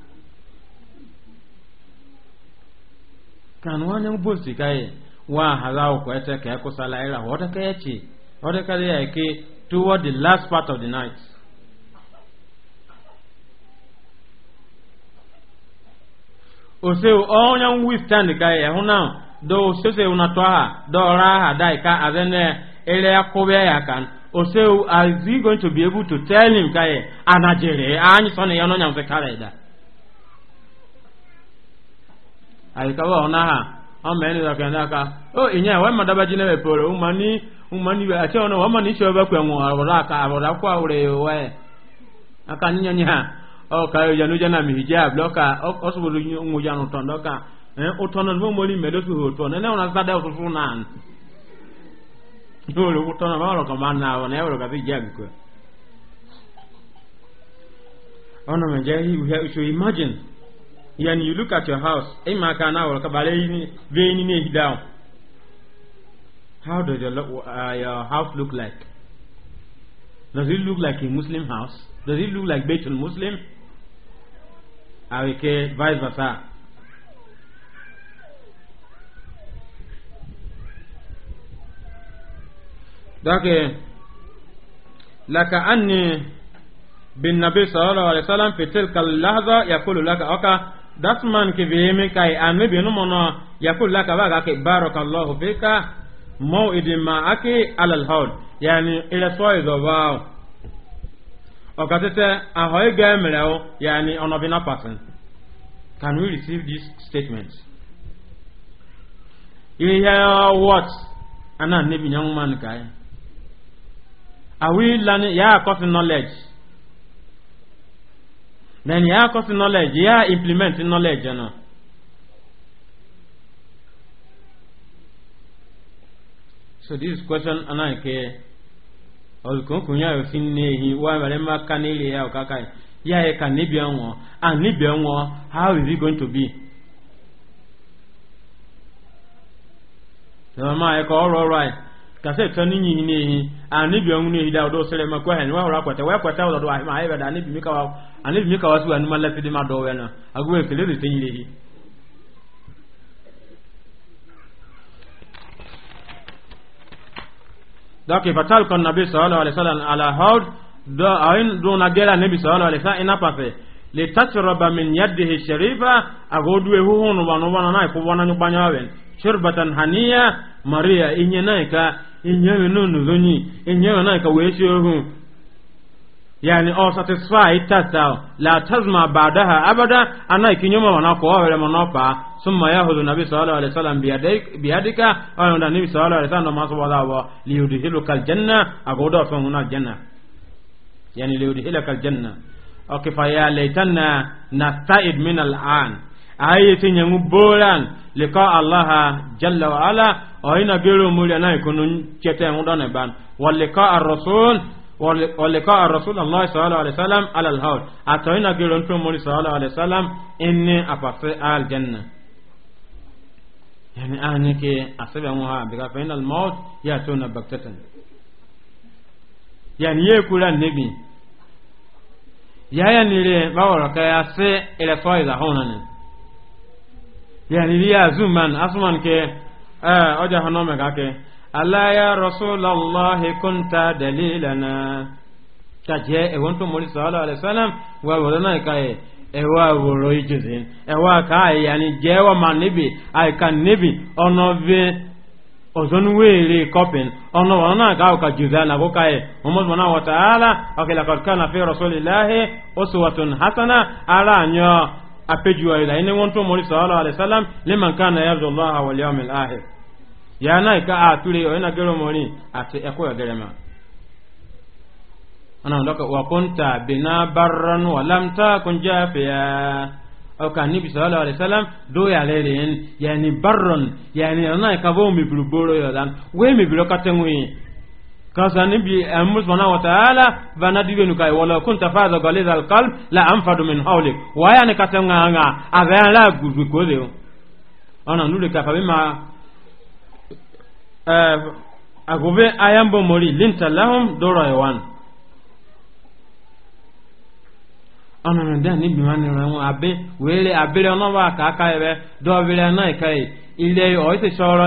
kan wa ne bosi kai wa halaw ko ete ka ko sala ira wada ka yachi wada ka ya ke toward the last part of the night o se o onya withstand kai ehuna do sese unatoa do raha daika azene ele yakobe yakan oseu is he going to be able to tell him kaye anajere anyi sone yono nyamse kalaida alikawa onaha ama eni zakenda ka o inya we madaba jine poro umani a we acha ono ni we aka ninya nya o kayo janu jana mi hijab janu Eh, sada you should imagine yani you look at your house ima eh, ne how does your, uh, your house look like does it look like a muslim house does it look like baitul muslim aweke vice versa dake laka anni bin nabi sallallahu alaihi wasallam fi tilka lahza yaqulu laka aka dasman ke vehemi kai annabi no mono yaqulu laka baga ke barakallahu fika maw'idin ma ake alal hawl yani ila soy do wow okatete ahoy gemre o yani onobina pattern can we receive this statement you hear what ana nabi nyang man kai are we learning ya akọsi knowledge then ya akọsi knowledge ya implement knowledge you so this question ana nke olukunkun ya osi nne ehi wa mere mmaka n'ili ya ọkaka ya ka n'ibia nwụọ and n'ibia nwụọ how is it going to be so ma ya ka ọrụ ọrụ anyị kase tɔni nyinyi ehi ani bi ɔmu n'ehi da ɔdɔ sɛlɛ ma kɔ hɛn wɔwɔrɔ akɔtɛ wɔyɛ kɔtɛ ɔdɔ do ma ayi da ani bi mi wa ani bi mi ka wa sugu anuma lɛfi de ma dɔw yɛ na agogo ekele de te yi ehi. dɔki fatal kɔn nabi sɔɔlɔ alisala ala hɔd dɔ ayin duna gɛlɛ nabi sɔɔlɔ alisa ina pafɛ le tasoroba min yadihi sharifa agodu ehuhu nuba nuba na na ikubɔna nyubanya wɛn shurubatan haniya mariya inyɛ na ika enyewe no nuzonyi enyewe na ka we shi ohu yani all satisfied tasa la tazma ba'daha abada ana kinyoma wana ko wale monopa summa yahudu nabi sallallahu alaihi wasallam biyadika ayo da nabi sallallahu alaihi wasallam masu wada wa liyudhiluka aljanna agoda fa huna janna yani liyudhiluka aljanna okay fa ya laitana nasta'id min al'an ayati nyangu bolan liqa allaha jalla wa ala ọ̀yìn àgbèrò múlẹ̀ náà ìkùnú jẹ́tẹ̀ ń dọ́nà ìbánu wọ̀lẹ̀kọ́ àrọ̀sọ́ọ̀l wọ̀lẹ̀kọ́ àrọ̀sọ́ọ̀l allah sallallahu alayhi wa sallam alalhaul àtọ̀yìn àgbèrò ń tún múlẹ̀ sallallahu alayhi wa sallam ẹni àpàfẹ́ aljanna. yani an yake asaba mu ha daga fa inal maut ya tona baktatan yani ye kula nabi ya nire bawara ka se ila faiza honan yani ya zuman asman ke ee ọjà hàn ọmọ gàkẹ́ aláya rasulallah kunta dalilana tajẹ ẹwọn tó mọlẹ sọlá alẹsálàm wà wọlé náà ká yẹ ẹwà wọlọ ìjọsìn ẹwà ká ẹyàní jẹ ẹwà mà nibi àìka níbi ọ̀nà vi ọ̀zọ́nuwéèrè kọ́pìn ọ̀nà wọn náà ká ọkà jùzá nàbó ká yẹ mọmọdé náà wọta ọkẹlẹ fi rasulilahi hasana ara anyọ. apejuwa ila ine wonto mori sallallahu alaihi wasallam liman kana yarju Allah wal yawmil akhir ya na ka atule o ina gero mori ati eko ya gerema ana ndoka wa kunta bina barran wa lam takun jafiya o ka nibi sallallahu alaihi wasallam do ya lere yani barran yani na ka bo mi buluboro yo dan we mi bulo katenwi kasani bi amu eh, subhanahu wa ta'ala bana dibe nu kai wala kunta fadha ghaliz al qalb la anfadu min hawlik wa ya ne katanga nga abaya la gugu koze ona nule ka fa bima eh agobe ayambo mori linta lahum dora yawan ana na ni bi man ra won abe wele abere ona wa ka ka ebe do bere na kai ile o se soro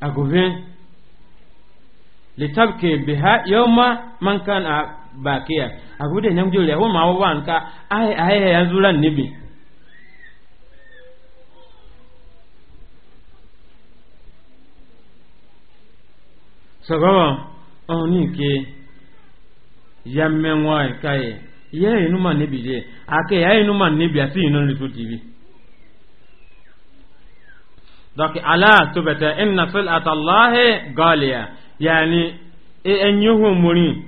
agobe litabke biha yawma man kana bakiya agobe nyam jole ho ma wa nka ai ai ya zura nibi sababa oni ke yamme ngwa kai ye inuma nibi je ake ya inuma nibi ati inu litu tv donc ala tubata inna sil'ata allahi galiya yani e enyuhu muri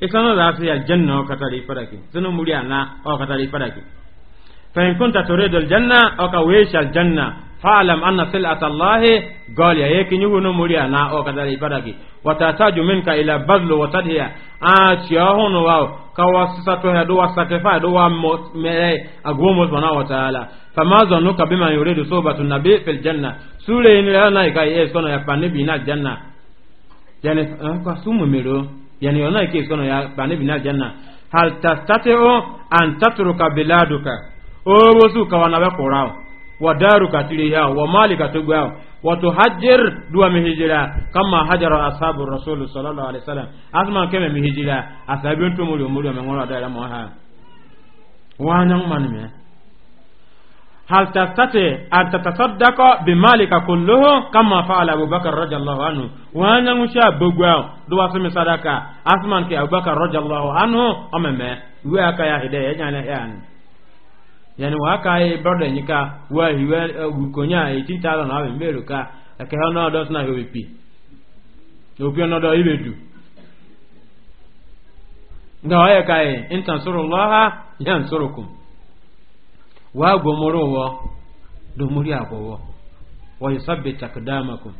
isano e, da fi aljanna o katari faraki sunu muri ana o katari faraki fa in kunta turidu aljanna o ka wisha aljanna fa'alam anna sil'ata allahi gal ya yake nyugo no muriya na o kadari ibadaki wa tataju minka ila badlu wa tadhiya a chiyahono wao kawa sisa to ya do wa sacrifice do wa mere eh, agwomo subhanahu wa ta'ala fama zannuka bima yuridu sobatu nabi fil janna sure ni la na kai es eh, kono ya panibi na janna yani eh, kwa sumu mero yani ona ke es ya panibi na janna hal tastati'u an tatruka biladuka o wosu kawana be qurao wa daru katiliha wa mali katugwa wa tuhajjir duwa mihijira kama hajara ashabu rasulu sallallahu alaihi wasallam asma keme mihijira asabi to muri muri me ngora daira mo ha wa nyang man me hal tastate an tatasaddaqa bi malika kulluhu kama fa'ala abubakar radiyallahu anhu wa nyang sha bogwa duwa simi sadaka asman ke abubakar radiyallahu anhu ameme wa ka ya hidayah nyane yani yani wa ka e brother ni ka wa hiwe gukonya eh, 80000 awe mbero ka ake ho no dos na hobi pi opi no do ibedu nga wa ya ka e intansurullah yansurukum wa gomoro wo do muri agowo wa yusabbit takdamakum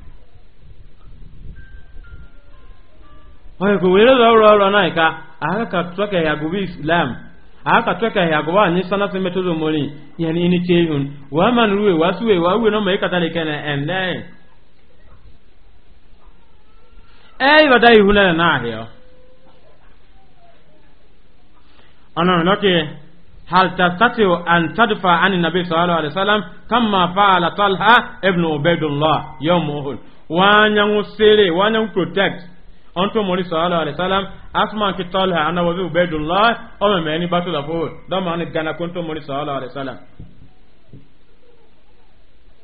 wa ko wele da ro ro na ka aka ka tuka ya gubi islam aka tweka ya gwa ni sana se metuzo moli yani ni chehun wa man ruwe wasuwe wa uwe no maika tale kana ende ay wadai huna na hiyo ana noke hal tastatiu an tadfa an nabi sallallahu alaihi wasallam kama faala talha ibn ubaidullah yawm uhud wanyangu sele wanyangu protect onto mori sallallahu alaihi wasallam asma ki talha ana wa ubaidullah o me meni batu da fo da ma ni gana konto mori sallallahu alaihi wasallam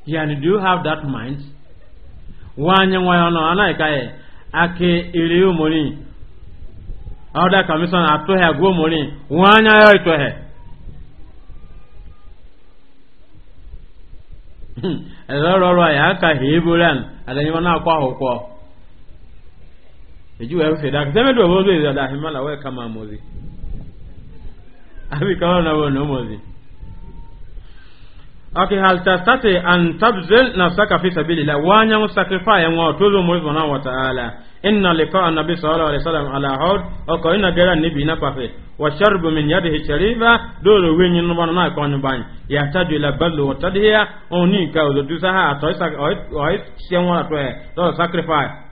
yani do you have that mind wanya wayano ana ikaye ake iriu mori awda kamison atohe go mori wanya yo itohe ẹ̀rọ rọrọ àyà aka hìí búrẹ́n àtẹ̀yìnbọn na kọ́ àhùkọ́ eju wa fe dak zeme do bozo da da himala we kama mozi abi kama na wono mozi okay hal tastati an tabzil nafsaka fi sabilillah wa nya musakifa wa tozo mo zona wa ta'ala inna liqa annabi sallallahu alaihi wasallam ala hawd o ko ina gara nabi na pafe wa sharbu min yadihi shariba dolo wenyi no bana ko nyu ban ya tadu ila ballu wa tadhiya oni ka o do saha to isa o isa to sacrifice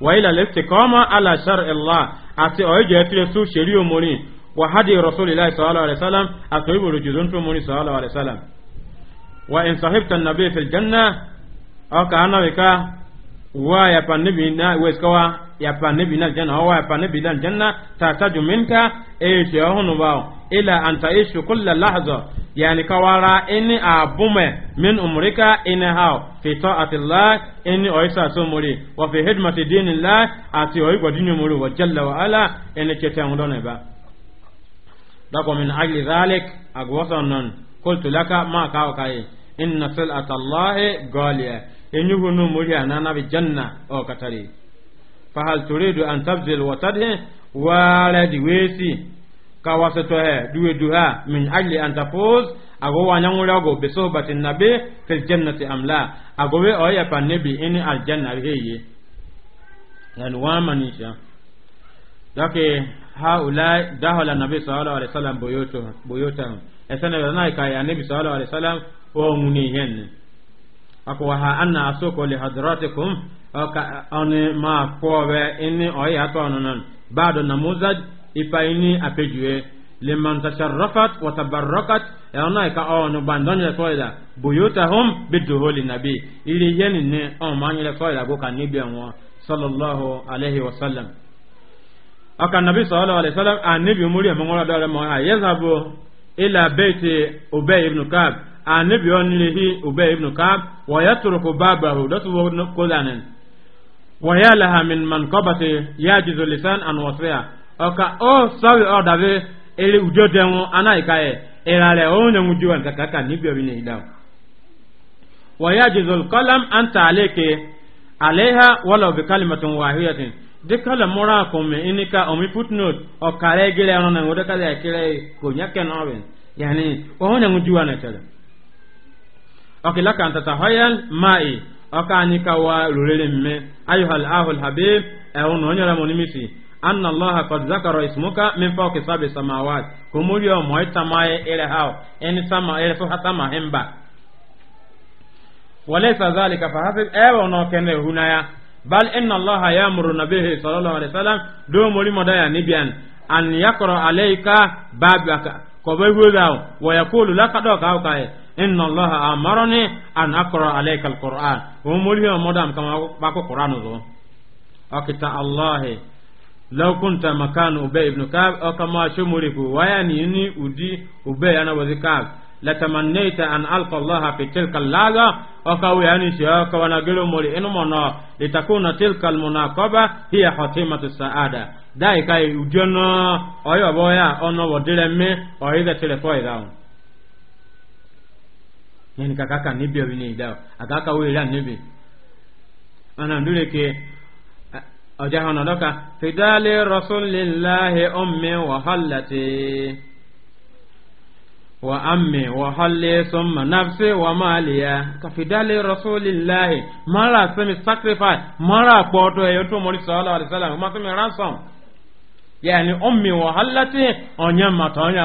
وإلى الاستقامة على شرع الله أتي أوجه تلسو شريع موني وهدي رسول الله صلى الله عليه وسلم أتي برجزون موني صلى الله عليه وسلم وإن صحبت النبي في الجنة أو كأنه بك ويا فالنبي ويسكوا yapa nebi na janna wa yapa nebi na janna ta taju minka e shi hunu ba ila anta ishu kullu lahza yani kawara ini abume min umrika ini hao fi ta'ati llah ini oisa sumuri wa fi hidmati dini ati oigwa dini muri wa jalla wa ala ini chete ngudone ba dako min ajli dhalik agwasanan qultu laka ma kaw kai inna sil'ata allahi ghaliya enyuhunu muri anana bi janna o katari fahal turidu an tabzil wa tadhi wala diwesi ka wasato he duwe duha min ajli an tafuz ago wanyangula go be nabi fil jannati amla ago we oya pan nabi in al janna heye nan wa manisha dake haula dahala nabi sallallahu alaihi wasallam boyoto boyota esana na ka ya nabi sallallahu alaihi wasallam o muni hen akwa ha anna asoko li hadratikum ọka ọni máa kọ́ ọ̀rẹ́ ẹni ọ̀yẹ́ àtọ̀ ọ̀nà báàdọ̀ nà mozad ipa ẹni àpèjúwe lèmọ̀ntàṣàr rọ́fàt wọ́tàbàrọ́kàt ẹ̀rọ náà ìka ọ̀nà gbàndọ́nì rẹ̀ sọ́ọ̀dà bòyótà hóm bìdòhólì nàbí ilé yẹn ní ọ̀mọ̀ anyi rẹ̀ sọ́ọ̀dà gòkà níbi sallallahu alayhi wa sallam. alayhi wa sallam ibnu ibnu turuku waya laha min mankobati yajizu lisan an wasriha oka o sawi o dave ele ujo denwo anaika e irare o nyanwu juwan kakaka ni biyo ni idawo wayajizu alqalam an ta'alike alaiha wala bi kalimatin wahidatin dikala mura ko me inika omi footnote o kare gele ono na ngode kale akire ko nyake no ben yani o nyanwu juwan tele okilaka antatahayal ma'i ọka anyị kawa rurere mme ayuhal ahul habib ẹ̀hún náà nyọ̀rọ̀ mọ̀ ní mísì anna allah qad zakara ismuka min fawqi sabi samawat kumuri o moy tamaye ere haw en sama ere so hatama hemba walaysa zalika fa hasib ewa no kene e hunaya bal inna allaha ya'muru nabiyhi sallallahu alaihi wasallam do mori modaya nibian an yakra alayka babaka ko be hudaw wa yaqulu laqad ka inna allaha amarani an akra alayka alquran o mori o modam kama ba ko qur'an zo akita allah law kunta makan ubay ibn kab o kama shumuri ku wayani ni udi ubay ana wazikab latamannaita an alqa allaha fi tilka allaga o ka wayani shi o ka wana gelo mori inu mono litakuna tilka almunaqaba hiya khatimatu saada dai kai ujono oyo boya ono wodire me o ida tele ko idawo yani kakaka nibyo bine idawo akaka wera nibi ana ndure ke ọjà hàn lọ́ka fìdálé rasulillahi ọmọ wàhálàtì wa ammi wa halli summa nafsi wa maliya ka fidali rasulillahi mara sami sacrifice mara kpoto e to mori sallallahu alaihi wasallam ma sami ransom yani ummi wa halati onya ma to onya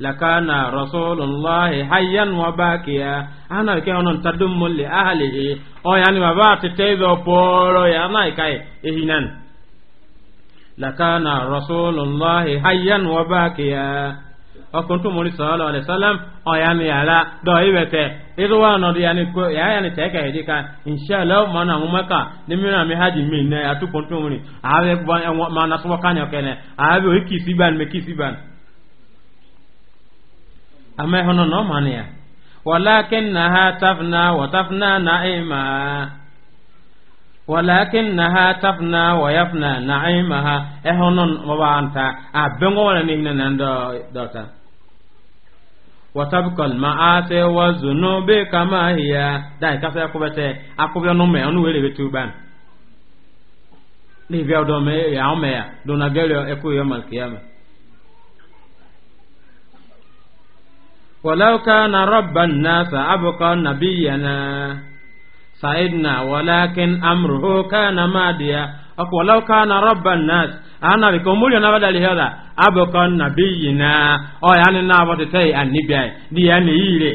lakana rasulullahi hayyan wa baqiya ana ke onon tadummu li ahlihi o yani wa bati tezo poro ya na kai ehinan lakana rasulullahi hayyan wa baqiya o kuntu muri sallallahu alaihi wasallam o yani ala do ibete ido wa no yani ko ya yani teka hidika inshallah mana umaka nimina mi haji mi ne atu kuntu muri ave mana so kanya kene ave ikisiban mekisiban ama hono no mane ya walakinnaha tafna wa tafna na'imaha walakinnaha tafna wa yafna na'imaha ehono mabanta abengo wala ni hinan ndo dota watabka almaasi wazunubi kama hiya dai kasa yakubete akubyo nume onu wele ban ni bia do me ya o me ya do na ya eku yo malkiyama ولو كان رب الناس أبقى نبينا سعدنا ولكن أمره كان ماديا ولو كان رب الناس أنا بكم مليون أبدا لهذا أبقى نبينا أو يعني نعبد تي النبي دي يعني إيلي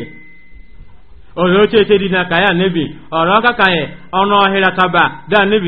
ọ̀rọ̀ tí dị ṣe dínà káyà níbi ọ̀rọ̀ kákàyẹ̀ ọ̀nà ọ̀hìnrà tábà dáa níbi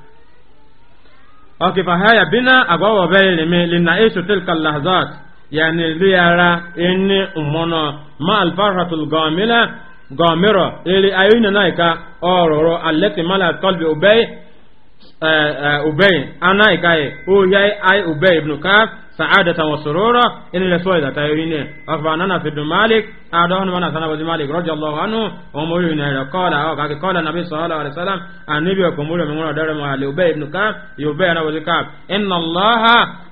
oke fahaya bina agwawo bayele me lina isu tilka lahzat yani liyara inni umono ma alfarhatul gamila gamira ili ayina naika ororo allati mala qalbi ubay eh, eh, ubay anaika e eh, o yai ay ubay ibn kaf سعادة وسرورا إن لسوء ذا تايرين أخبرنا في بن مالك أعدهن من أسانا وزي مالك رضي الله عنه ومولي نهر قال أو قال النبي صلى الله عليه وسلم النبي وكمولي من دار دارم يبي ابن كعب يبي أنا وزي كعب إن الله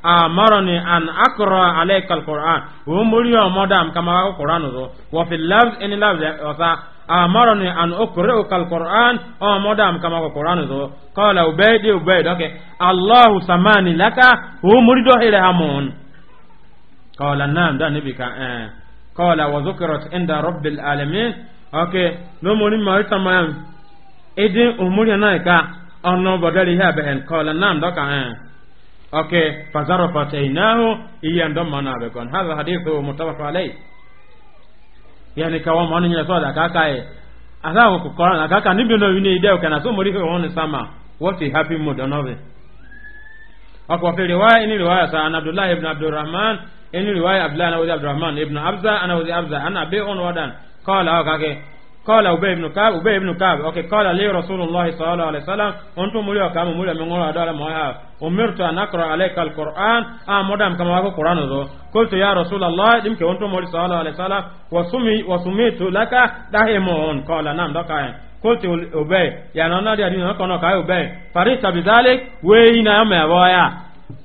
أمرني أن أقرأ عليك القرآن ومولي ومدام كما القرآن وفي اللفظ إن اللفظ وصح amaroni an okore kal qur'an o modam kama ko qur'an zo qala ubaydi ubaydi okay allah samani laka hu murido ile hamun qala nam da nabi ka eh qala wa dhukrat inda rabbil alamin okay no moni ma tamam edin umuri na ka ono bodari ha behen qala nam da ka eh okay fazarafat aynahu iyan dam mana kon hadha hadithu muttafaq alayh yani ka wama wani nyina so da kaka ye asa ko kokora na kaka ni bino wini ide kana so mori ko woni sama what a happy mood onobe akwa fi riwaya ini riwaya sa an abdullah ibn abdurrahman ini riwaya abdullah ibn abdurrahman ibn abza ana wazi abza ana be on wadan qala kake قال أبي بن كعب أبي بن كعب أوكي قال لي رسول الله صلى الله عليه وسلم أنتم مولي وكام مولي من غير أدالة ما أمرت أن أقرأ عليك القرآن أمدام كما هو القرآن ذو قلت يا رسول الله دمك أنتم مولي صلى الله عليه وسلم وسمي وسميت لك دائما قال نعم دقائق قلت أبي يعني أنا دي أدين أكون أكاي أبي فريت بذلك وين يوم يا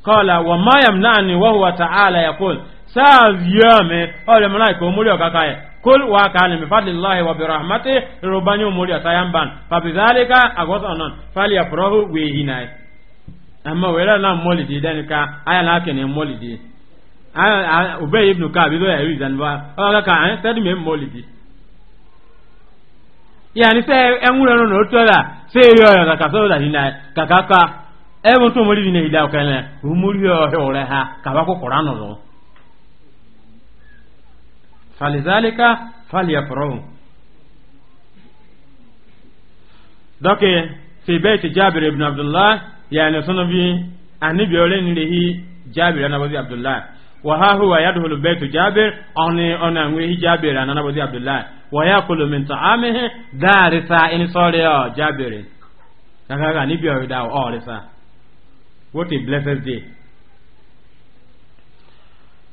قال وما يمنعني وهو تعالى يقول ساز يومي أولي ملايك ومولي وكاكاي kul wa kana min fadlillahi wa bi rahmati rubanyu muri atayamban fa bidhalika agosa non fali yafrahu we hinai amma na moli di ka aya na ke ne di aya ubay ibn ka bi do ya o ka an tadi me yani se no no tola se yo ya ka so da hinai ka ka ka e won to mori ni ida o umuri yo he ha ka ba ko qur'an falizalika falyafrahu dɔke fi bɛti jabir ibn abdullah yani sɔnɔ bi ani bi ɔlɛ nire hi jabir anabazi abdullah wa ha huwa yadhulu bɛtu jabir ɔni ɔni anwe hi jabir anabazi abdullah wa yakulu min ta'amihi darisa ini sɔre ɔ jabir kaka ka ni bi ɔyida ɔ ɔrisa what a blessed day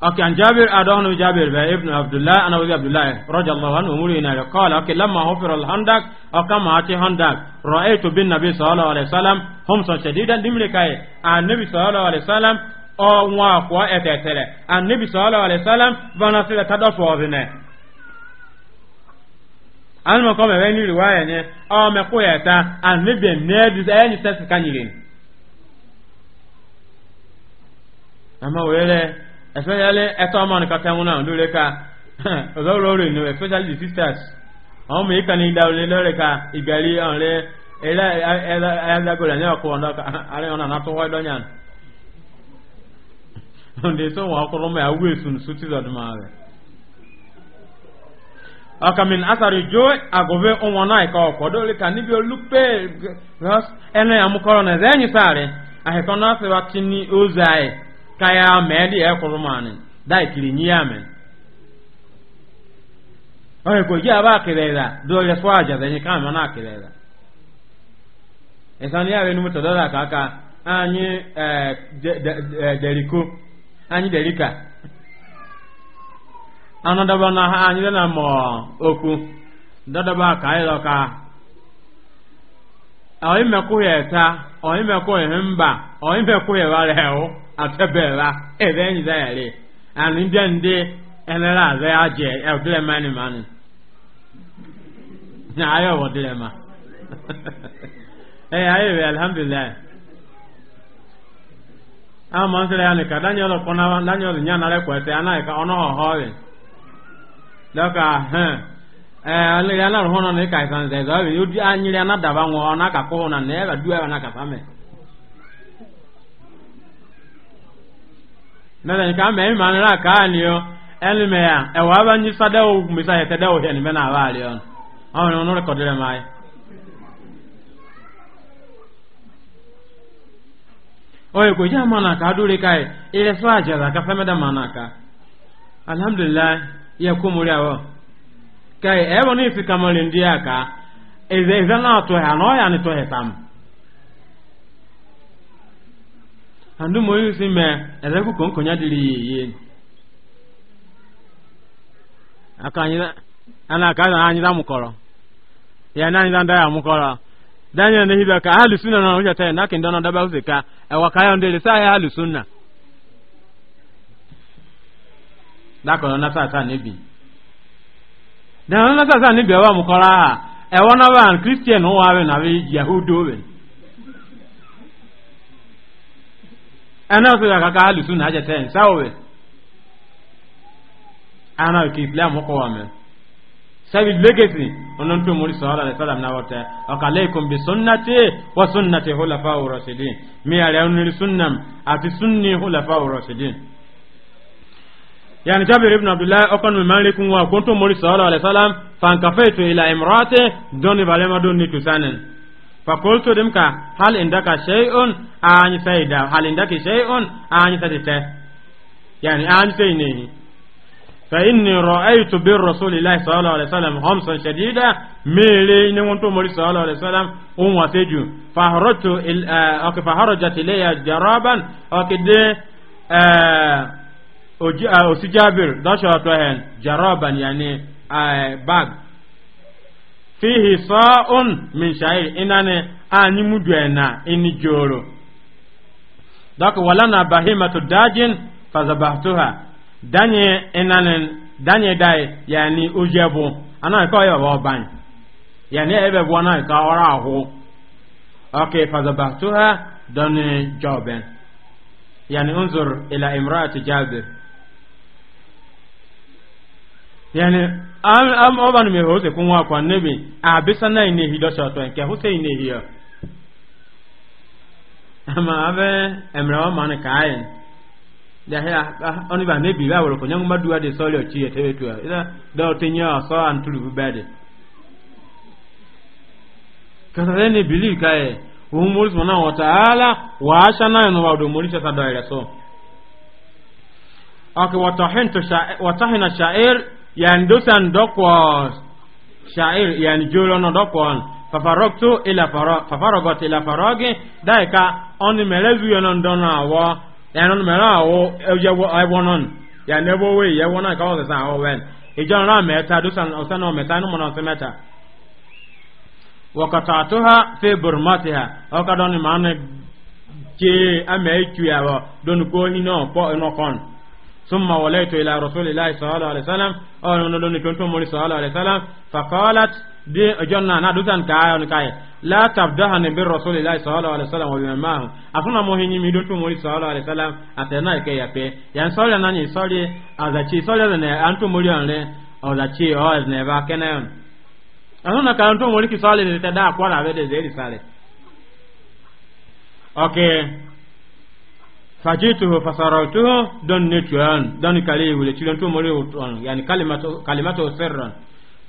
أوكي عن جابر أدون جابر ابن عبد الله أنا وزي عبد الله رضي الله عنه أمورنا قال أوكي لما حفر الهندق أو كما أتي هندق رأيت بالنبي صلى الله عليه وسلم همسا شديدا لملكاي النبي صلى الله عليه وسلم أو مواقوة أتتلة النبي صلى الله عليه وسلم فنصير تدفع ذنه المقام بين رواية أو مقوية النبي نادز أين سيسكنيرين أما ويلي especially ẹtọ ọmọ nìkan tẹun náà lórí ka especially the sisters àwọn ọmọ ìkànnì ìdáwọlé lórí ka ìgàrí ọ̀rẹ́ ẹlẹ ẹlẹ ẹlẹgọrẹ ní ọkọ ọdọ àrẹ ọ̀nà àtọwọ́ ẹdọ́nyàn ọ̀dẹ sọ wọn ọkọ ọmọ àwọ èsùn sùtì ọdúnmọ rẹ. ọkàmìn asàrí jó àgọ́fẹ́ ọmọ náà ẹ̀ka ọkọ̀ lórí ka níbi olùpẹ̀ ẹnu àmukọ́rọ̀ náà kaya mɛɛdi yɛ kuru maani daa ikiri ɔyɛ la yɛ fɔ a jaza nyi kaa mɛ naa la yɛ numu tɔdɔ la kaka anyi ɛɛ dɛ dɛriko anyi dɛrika na ha anyi lɛna mɔɔ oku dɔdɔ kaa yɛ lɔ ɔyɛ mɛ ko yɛ ta ɔyɛ mɛ ko yɛ mba, ɔyɛ mɛ ko yɛ ba lɛ atebela ebe nyiza yari and ndị ndị emere azụ ya je ọdịlema e ma mmanụ na eh, ayọ ọdịlema ee ayọ ebe alhamdulilayi ama mọ ya nika daniel kpọnawa daniel nya nara anaghị eh, ka ọnụ ọhọrị dọka ee ya na-arụhụ nọ na ịka ịsa nze zọrị anyịrị ọ na-akakụ na na na nana ni kan mɛmi maa nana kaa ni yɔ ɛni mɛ yan ɛwɔ aba nyi sa dɛwo misa yɛ tɛ dɛwo hɛ ni mɛ na baa liyɔ ɔn ni ɔno rekɔdi lɛ maa ye. oye ko jaa maa na kaa ka ye ilẹ̀ sọ àjàlá ka fɛn mɛ da maa na kaa alihamudulilayi yɛ kumuri awɔ ka ye ɛwɔ ni ifi kamalen di a kaa ɛzɛ ɛzɛ naa tɔ yɛ anɔ tam. andu moyu si me ereku kon konya diri ye akanyira ana ka na anyira mukoro ya na anyira ndaya mukoro Daniel ne hiba ka ahlu sunna na hoja tay na kindono daba usika e wakayo ndele sa ya ahlu sunna dakono na tata nebi dakono na tata nebi wa mukoro ha e wona ban christian wa we na we yahudo we ana su ga kaka ahlu sunna aje ten sawe ana ki islam ko wa men sabi legacy onon to muri sallallahu alaihi wasallam na wata akalaikum bi sunnati wa sunnati hulafa'ur rashidin mi ya ni sunnam ati sunni hulafa'ur rashidin yani jabir ibn abdullah okan mi malik wa kuntum muri sallallahu alaihi wasallam fankafaitu ila imrati doni valema doni tusanan fakultu dim ka hal indaka shay'un ani sayda hal indaki shay'un ani sadita yani ani sayne fa inni ra'aytu bir rasulillahi sallallahu alaihi wasallam hamsan shadida mele ni won to mori sallallahu alaihi wasallam on wa seju fa haratu il eh, ak fa harajat ilayya jaraban akide eh, oji eh, osijabir dasha to hen jaraban yani bag fihi sa'un min sha'ir inane anyi mudwena ini joro dak walana bahimatu dajin fazabahtuha danye inane danye dai yani ujebu ana ko yo bo ban yani ebe bo na ka ora ahu okay fazabahtuha dane joben yani unzur ila imraati jabir yani am ọban mi hose kun wa kwa nebe a bisa na ine hi dosha to nke hose ine hi yo ama abe emre wa man kayen da ya oni ba nebi ba woro konyangu maduwa de soli o chiye tebe tuwa ida da o tenya so an tulu bubade kasa le ne bili kaye wo na mona wa taala wa ashana no wa do mulisa sa daire so okay wa tahin to sha wa tahina sha'ir ya'n dosan doko shair ya'n jolo no fafaroktu ila faro fafarogot ila farogi daika oni melezu yono ndono awo yani oni melezu awo we na ka osesa awo wen ijon ra meta dosan osana meta no mona semeta wakatatuha fi burmatiha okadoni mane ke amechu yawo don ko hino po enokon ثم وليت إلى رسول الله صلى الله عليه وسلم أو نلوني كنت مولي صلى الله عليه وسلم فقالت دي جنة نادوتان كاي كاي لا تبدهني بالرسول الله صلى الله عليه وسلم وبمن معه أفنا مهني ميدون تمولي صلى الله عليه وسلم أتنا كي يبي يعني صلي ناني صلي أذاكي صلي ذنى أنتم مولي أنلي أذاكي أو أذنى باكنا أنا كنت مولي كي صلي ذنى تدا أقوال أبدا زيري صلي أوكي okay. fajituhu fasarautuhu don netuan don kale wule chilen to mori yani kalimato kalimato sirran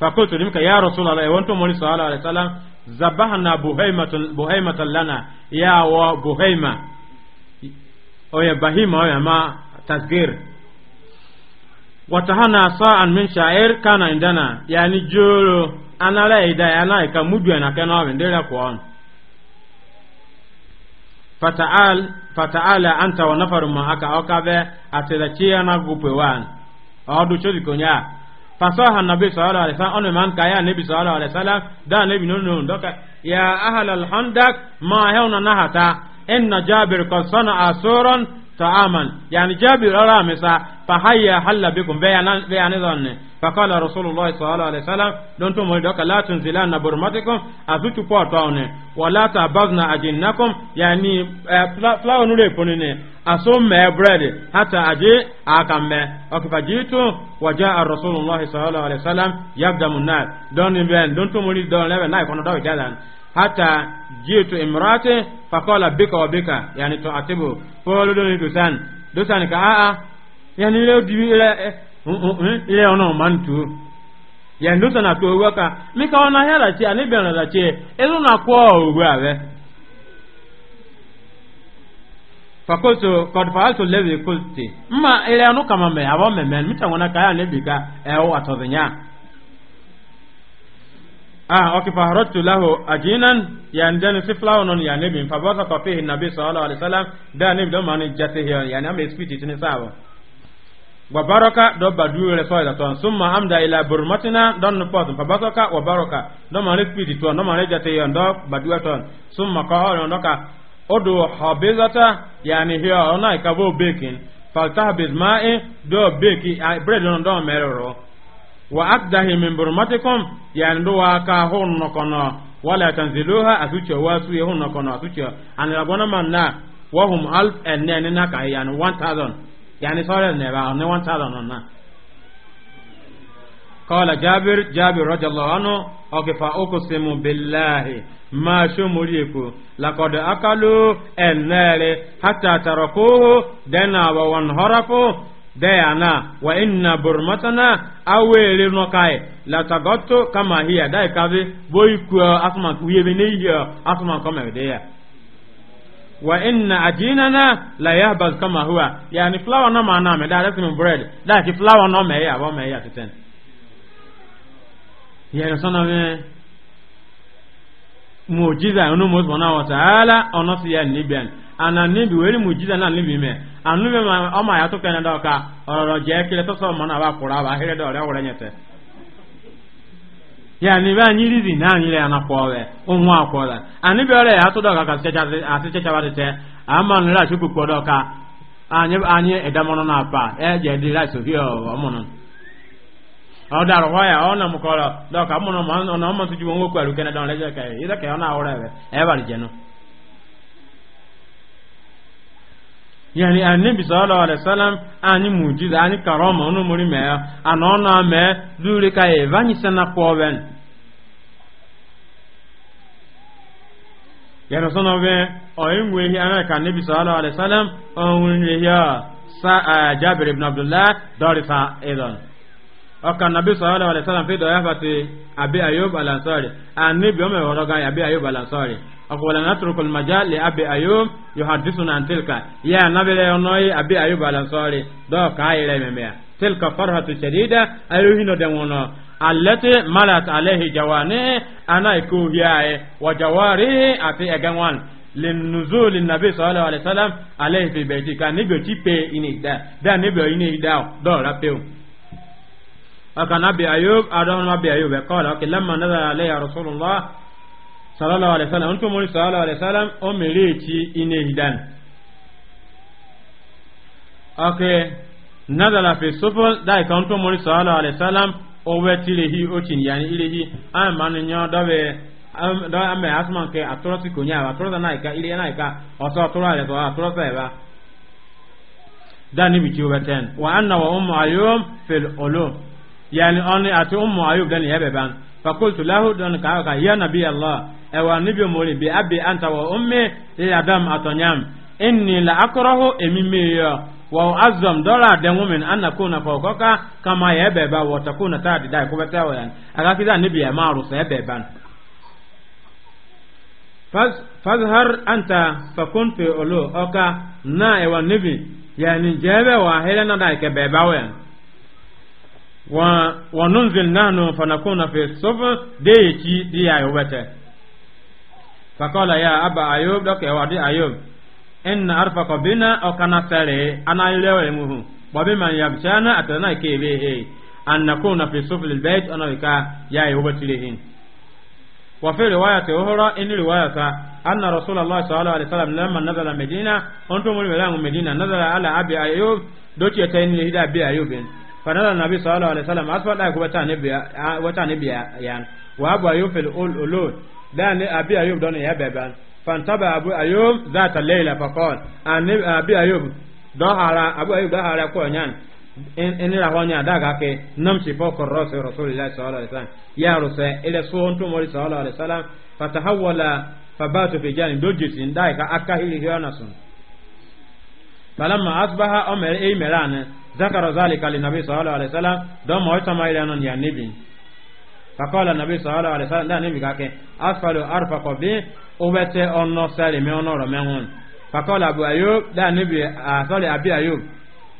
fakultu limka ya rasulullah wa antum mori sallallahu alaihi wasallam zabahna buhaimatan buhaimatan lana ya wa buhaima oya bahima oya ma tasgir watahana sa'an min sha'ir kana indana yani joro anala ida yana ka na kana wendela kwaona fata'al fata'ala anta wa nafaru ma aka okabe atedachia na gupe wan odu chodi konya fasaha nabi sallallahu alaihi wasallam onu man kaya nabi sallallahu alaihi wasallam da nabi no no doka ya ahal handak ma hauna nahata inna jabir qad sana'a suran طعاما يعني جابر أرى مسا فهيا هلا بكم بيان بيان فقال رسول الله صلى الله عليه وسلم دونتم ولدك لا تنزلن برمتكم أزوتوا بوتاون ولا تبغن أجنكم يعني فلاو نولي بونيني أصوم بريد حتى أجي أكم أكفجيت وجاء رسول الله صلى الله عليه وسلم يقدم الناس دون بيان دونتم ولدك لا يكون داوي hata jitu imrati faqala bika wa bika yani to atibu polo do ni san do san ka aa yani le di ile eh, mm, mm, mm, le ono mantu yani do san to waka mi ka ona hela ti ani be na ti elu na kwa ogu ave ma ah ok faharatu lahu ajinan yani dani si flawo non yani bin fa basa ka fihi nabi sallallahu alaihi wasallam da ne do mani jate he yani am speech tin sawo wa baraka do badu re so da ton summa amda ila burmatina don no pot fa basa wa baraka do mani speech to no mani jate he do badu ton summa ka ho no ka odo habizata yani he ona ka bo baking faltah bizma'i do beki bread non do meroro wa addahi min burmatikum yani do wa ka nnọkọ kono wala tanziluha asucha wa su ye honno kono asucha an rabona na wa hum alf and na ka yani 1000 yani sore ne ba ne 1000 onna qala jabir jabir radiyallahu anhu okay fa billahi ma laqad akalu hatta tarakuhu dana wa wanharafu deyana wa inna burmatana awere nokai latagoto kama hiya dai kabe boy ku uh, asman ku yebe ne hiya asman kama deya wa inna ajinana la yahbaz kama huwa yani flour na mana me da resin bread da flawa flour no me ya bo me ya teten yero sana me mujiza unu mo bona wa taala onosi ya nibian ana nibi weri jiza na nibi me anume ma ọma ya tụkene dọka ka ọrọrọ jee kele tọsọ mọ aba ba kwụrụ aba ahịrị dọ ọrịa were nyete ya ni ba nyiri zi na anyire ya na kwọwe onwa akwọla ani bi ọrịa ya atụ dọ ka ka asị chechaba tete ama nri a chukwu kwọ dọ ka anyị anyị edamọnụ na apa eje dị rice ohi ọmụnụ ọ dara hɔ ya ọ mu kɔrɔ dɔw ka mu na ɔna ɔma tuju wɔn wo kɔ ɛlu kɛnɛ dɔn lɛ jɛ ka ye yi dɛ kɛ ɔna awɔrɔ yɛ bɛ ɛyɛ yani annabi sallallahu alaihi wasallam ani mujiza ani karama onu muri me ana ona me dure ka e vani sana koven yana sono be o inwe e hi ana ka annabi sallallahu alaihi wasallam o inwe hi sa jabir ibn abdullah darifa idan ọkà nàbí sọ̀rọ̀ àlẹ́ sọ́lá fi dọ̀yà fàtí àbí ayọ́bà lansọ́rì àníbi ọmọ ìwọ̀rọ̀gá àbí ayọ́bà lansọ́rì أقول نترك المجال لأبي أيوب يحدثنا عن تلك يا نبي لأنوي أبي أيوب الأنصاري دو كاي لمميا تلك فرحة شديدة أيوهن دمونا التي ملت عليه جوانه أنا إكوهياي وجواره أتي أجوان لنزول النبي صلى الله عليه وسلم عليه في بيتي كان نبي تيبي إني دا دا نبي إني دا دو رابيو أكن أبي أيوب أدون أبي أيوب قال أوكي لما نزل عليه رسول الله sallallahu alaihi wasallam onto mori sallallahu alaihi wasallam o merechi ine hidan okay nadala fi sufun da ka onto mori sallallahu alaihi wasallam o wetire hi ochin yani ilehi an manu nyo dobe do ame asman ke atrosi konya atrosa na ka ile na ka oso atoro ale to atrosa eba dani bi ci weten wa anna wa ummu ayyub fil ulum yani oni ati ummu ayyub dan yebe ban فقلت له دون كاوكا ya نبي الله ewa nibio mori bi abi anta wa umme li adam atonyam inni la akrahu emimiyo wa azam dola dengu min anna kuna fawkoka kama yebe ba wa takuna tadi dai kubetewa yani akakiza nibia maru sa yebe ban Faz, fazhar anta fakun fi ulu oka na ewa nibi yani jebe wa hele na dai kebe bawa yani wa wa nunzil nahnu na fi sufu deyeki diya yobete fakɔla ya aba ayob dɔkɛ wadi ayob ɛnna arfakɔ bina ɔkana sɛre ana lɛwɛ muhu bɔbi man yabsana atana kebe he an nakuna fi sufli albayt ana wika ya yoba tilehin wa fi riwayati uhra in riwayata anna rasulullah sallallahu alaihi wasallam lamma nazala medina onto mun melangu medina nazala ala abi ayob doki ta in hida abi ayobin fanala nabi sallallahu alaihi wasallam asfa da ku wata wata ne biya yan wa abu ayob fil ulul دان أبي أيوب دون يبابا فانتبه أبو أيوب ذات الليلة فقال أن أبي أيوب ظهر أبو أيوب ظهر كونيان إن إلى هونيا دعك نمشي فوق الرأس رسول الله صلى الله عليه وسلم يا رسول إلى سون تومري صلى الله عليه وسلم فتحول فبات في جانب دوجت إن دايك أكاهي هونسون فلما أصبح أمر إيمران ذكر ذلك للنبي صلى الله عليه وسلم دم ويتما إلى نبي fakɔla nabi sɔhɔlɔ alisa da ne bi ka kɛ asfalu arfa kɔbi o bɛ tɛ ɔnɔ sɛri mɛ abu ayob da ne bi a ah, sɔli abi ayob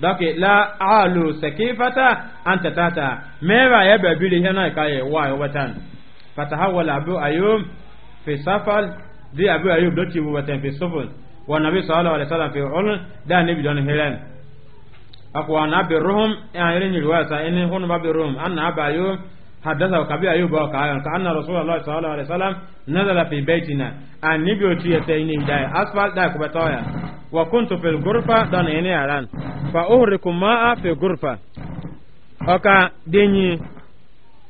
dɔki la alu sɛkifata an tɛ taa ta mɛ ba yɛ bɛ biri hɛnɛ ka yɛ wa o bɛ tan fataha wala abu ayob fi di abu ayob dɔ ti o bɛ tɛn fi sofol wa nabi sɔhɔlɔ alisa fi ɔlun da ne bi dɔn hɛrɛ akwa na bi ruhum an yɛrɛ nyiri waasa ɛni hunu ba bi ruhum na ba ayob حدثه كبير أيوب وقال كأن رسول الله صلى الله عليه وسلم نزل في بيتنا أن نبيو تيتيني هداية أسفل داك بطايا وكنت في الغرفة دون إني أعلان فأهرك ماء في الغرفة أكا ديني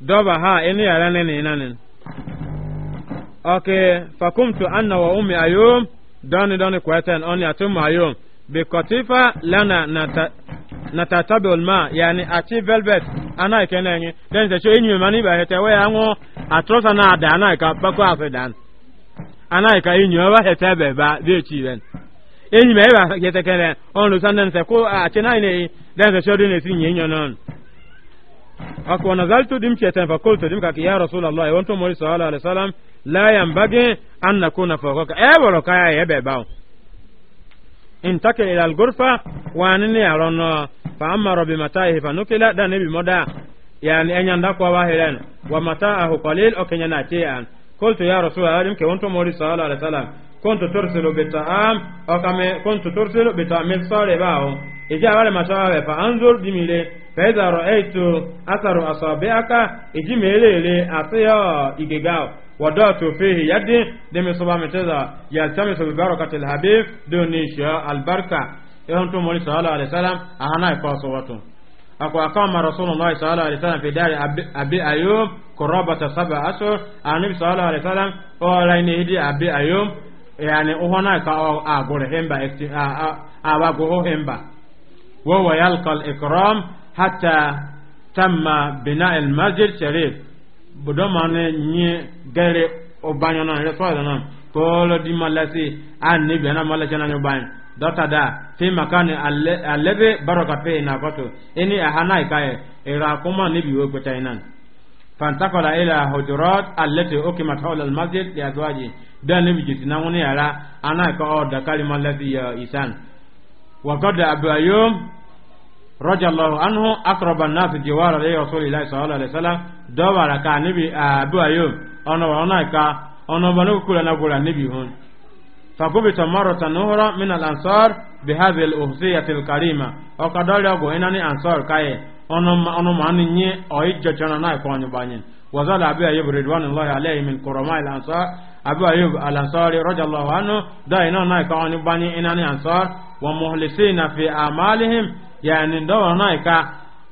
دوبا ها إني أعلان إني إنان أوكي فكمت أنا وأمي أيوم دوني دوني كويتين أني أتم أيوم bikotifa lana nata nata tabel ma yani achi velvet ana ikene nyi den se shoyi nyima ni ba hete we anwo atrosa na ada ana ka pako afedan ana ka inyo wa hete be ba de chi ben enyi me ba yete kene on lu sanen se ko achi na ni den se shoyi ne sin nyinyo non akwa nazaltu dim chetan fa kultu dim ka ya rasulullah wa mori sallallahu alaihi wasallam la yambagi an nakuna fawqa e woro ya ye be bawo انتقل إلى الغرفة وأنني أرون فأما ربي متاعه فنقل ده نبي مدى يعني أن يندقوا واهلا ومتاعه قليل أو كنينا شيئا قلت يا رسول الله يمكن كنت مولي صلى الله عليه وسلم كنت ترسل بالطعام أو كما كنت ترسل بطعام الصالباه إجا على مسافة فأنظر دميلي فإذا رأيت أثر أصابعك إجي ميلي أصيا إجيغاو ودعت فيه يدي دمي صبا متزا يلتمس ببركة الحبيب دوني شاء البركة يهنتو مولي صلى الله عليه وسلم أهنا يقاصواتو أكو أقام رسول الله صلى الله عليه وسلم في دار أبي, أبي أيوب قرابة سبع أشهر النبي صلى الله عليه وسلم أولين هدي أبي أيوب يعني أهنا أقول همبا أقول همبا وهو يلقى الإكرام حتى تم بناء المسجد الشريف bodo mane nye gere obanyo na re soda na kolo di malasi an ne bana malasi na nyoban dota da fi makane alebe baraka pe na goto eni ahana ikaye ira kuma ne biwo kweta inan fantakola ila hujurat allati ukimat hawla almasjid li azwaji dan ne bijiti na woni ara ana ka o da kalima lafi ya isan wa qad abu رضي الله عنه أقرب الناس جوار رسول الله صلى الله عليه وسلم دوبارا كان نبي أبو أيوب أنا وأنا كا أنا بنو كلنا كلنا نبي هون فقبت مرة أخرى من الأنصار بهذه الأوصية الكريمة وقد لقوا إنني أنصار كاي أنا أنا ما نيني أي جتنا نايكون بانين وزال أبو أيوب رضوان الله عليه من كرماء الأنصار أبو أيوب الأنصاري رضي الله عنه دائنا نايكون بانين إنني أنصار ومخلصين في أعمالهم yani ndọrọ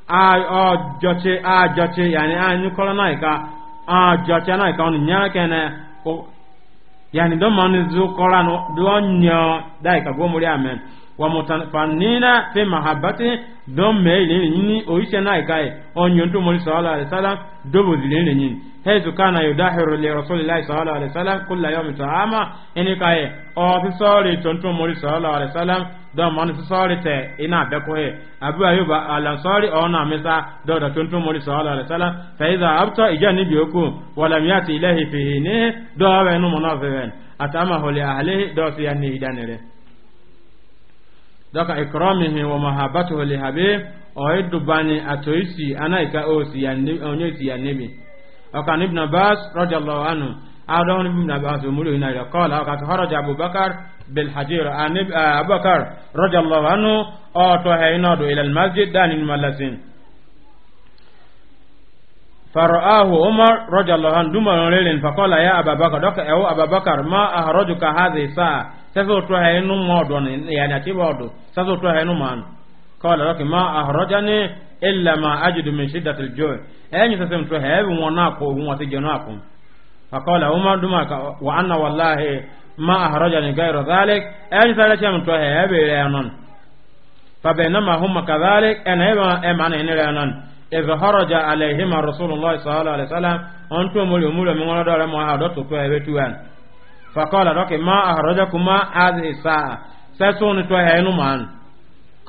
a ajọchi ajọchi yani anyị kọrọ naika ajọchi naika ọnụ nyere kene yani ndọrọ naika ọnụ nyere daika gwomori amen wa mutafannina fi mahabbati don me ile ni o ise na ikai onyon to mo sallallahu alaihi wasallam do bo dile ni hezu kana yudahiru li rasulillahi sallallahu alaihi wasallam kulla yawm ta'ama eni kai o fi sori ton to mo sallallahu alaihi wasallam do man fi sori te ina be ko he abu ayuba alan sori ona misa do da ton to mo sallallahu fa iza abta ijani bi oku wa lam yati ilahi fihi ne do atama holi ahlihi do fi anni dɔka ikramihi wa mahabatuhu li habib ɔyɛ dubani atoyisi ana ika osi ya nebi ɔnyɛ osi ya nebi ɔka ni ibn abbas radiyallahu anhu adɔn ni ibn abbas omuli yina yɛ kɔɔla ɔka ti hɔrɔja abubakar bil hajir anabi abubakar radiyallahu anhu ɔtɔ hɛ ina do ilal masjid dani ni malasin fara'ahu umar radiyallahu anhu duma lɔrɛlin fakɔla ya ababakar dɔka ɛwɔ e ababakar ma aharojuka hadhi sa'a sasa otu ha inu ma odo ni yani atiba odo sasa otu ha inu ma anu kawala laki ma ahrajani illa ma ajidu min shiddati aljoy enyi sasa mtu ha ebi mwona ko ogun wati jeno akum fakawala umar duma ka wa anna wallahi ma ahrajani gairu dhalik enyi sasa cha mtu ha ebi ile anon fabainama huma kadhalik ena eba emana inile anon إذ خرج عليهما رسول الله صلى الله عليه وسلم أنتم مليون مليون من ولد رمى هذا تقوى فقال لك ما أخرجكما هذه الساعة سسون توهين من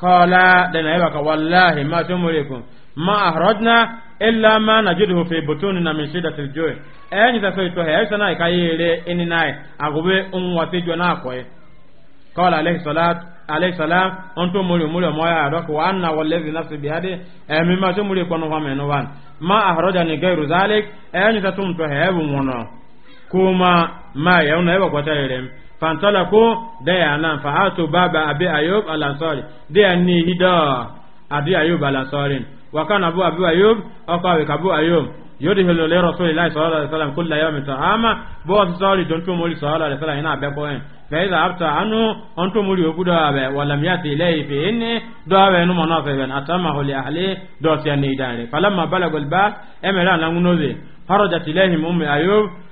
قال دنا يبقى والله ما تملكم ما أخرجنا إلا ما نجده في بطوننا من شدة الجوع أين تسوي توهين سنا كايلي إني ناي أغوي أم وتجو ناكوي قال عليه الصلاة عليه السلام أنتم مولي مولي مويا دوك وأنا والذي نفسي بهذه أمي ما تملكم ومنوان ما أخرجني غير ذلك أين تتم توهين ونوان kuma ma yauna yaba kwata rerem fantala ko da ya nan fa ato baba abi ayub alansari de ya ni hida abi ayub alansari wa kana abu abi ayub akwa we kabu ayub yodi helo le rasulillahi sallallahu alaihi wasallam kullu yawmin ta'ama bo sari don to mori sallallahu alaihi wasallam ina be ko en fa iza afta anu on to mori ogudo abe wala miyati ilayhi fi inni do abe no mona fe ben atama li ahli do ti ani dare falamma balagul ba emela langunoze harajat ilayhim ummi ayub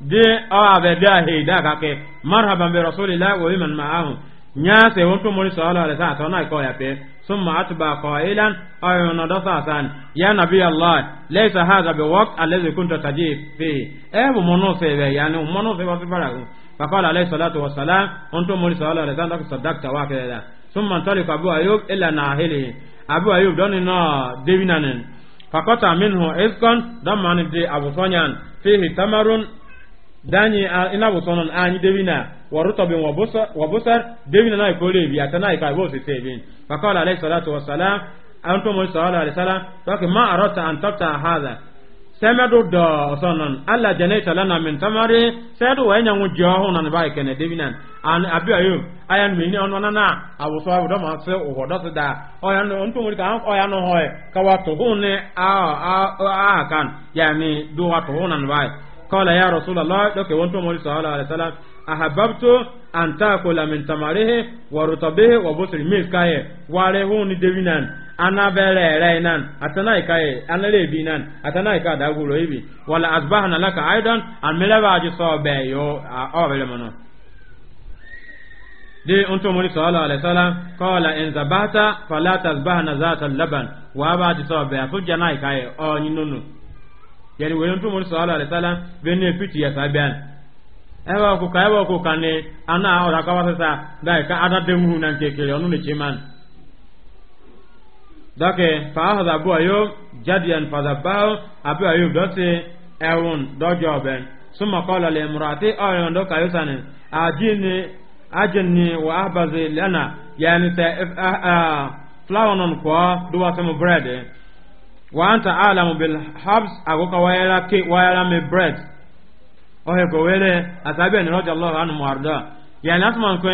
de awa bɛ da he da ka kɛ marhaban bi rasulillah wa biman ma'ahu nya se won to mori sallallahu alaihi wasallam na ko ya pe summa atba qailan ay na da sa ya nabi allah laysa hadha bi waqt alladhi kunta tajib fi e bu mono se be ya ni mono se wa fi bara ko fa qala alaihi salatu wassalam on to mori sallallahu alaihi wasallam sadaqta wa kala summa talika abu ayub illa nahili abu ayub doni na devinanen fakota minhu izkan damani de abu sonyan fihi tamarun danyi ina bu sonon anyi debina wa rutabin wa busar debina na ikole bi ata na ikai bosi sebin fa qala alayhi salatu wa salam antu mu sallallahu alayhi salam to ma arata an tafta hadha semedu do sonon alla janaita lana min tamari sedu wa nya ngu johu nan ba ikene debina an abi ayo ayan mi ni onona na abu so abu do ma se o do da o yan ontu mu ka o yan ho e ka wa to hune a a a kan yani do wa to hunan ba قال يا رسول الله دوك وانتو مولى صلى الله عليه وسلم أحببت أن تأكل من تمره ورطبه وبصر ملكه وارهون دينان أنا بلا رينان أتناي كاي أنا لبينان أتناي كا داغولو إبي ولا أصبحنا لك أيضا أن ملبا أجي صوبي يو أوبل منو دي أنتو مولى صلى الله عليه وسلم قال إن ذبحت فلا تذبحنا ذات اللبن وأبا أجي صوبي أفجناي كاي أو نينونو yani wele ntu mori sallallahu alaihi wasallam benne fiti ya sabian ewa ko ka ewa ko kane ana ora ka wasasa dai ka ada demu nan ke kele onu ne chiman dake fa hada abu ayo jadian fa dabao abu ayo dote ewon dojo ben summa qala li imraati ayo ndo ka yusane ajini ajini wa ahbazi lana yani ta flower non ko duwa sama bread wanta alamu bil habs agoka wayala ke wayala me bread ohe ko wele asabe ni roja allah anu marda yani asman ko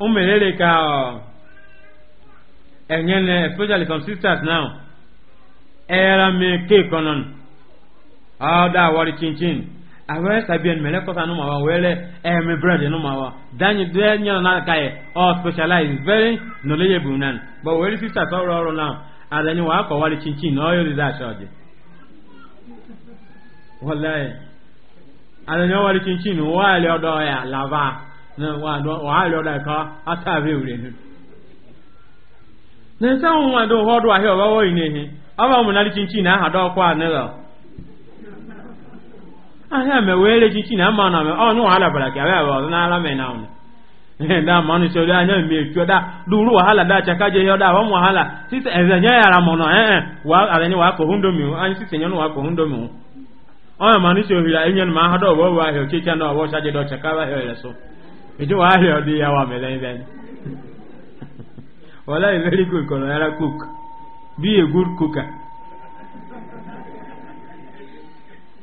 umelele ka enyene especially some sisters now era me ke konon ada wari chinchin awe sabian mele ko sanu mawa wele e me bread no mawa danyi de nyana na kai all specialized very knowledgeable nan but wele sisters all around now adani wa ko wali chinchin no yo da shoje wallahi adani wa wali chinchin wa le odo ya lava na wa do wa le odo ka ata abe ure ni na sa un wa do hodo ahia wa wo ine hi aba mu na li chinchin na ha do kwa ne lo ahia me wele chinchin na ma na me onu ala bara ki aba ba na ala me na onu Eh, da manu cho da nyam mi cho da duru wahala da cha kaje yo da wamu wahala sisi ezenya yara mono eh, eh. wa aleni wa ko hundo mi anyi sisi nyano wa ko hundo mi o manu cho hira enyen ma ha do wo wa he che cha no wo cha je do cha ka wa he so ejo wa he odi ya wa mele ben wala e very good kono yara cook be a good cooker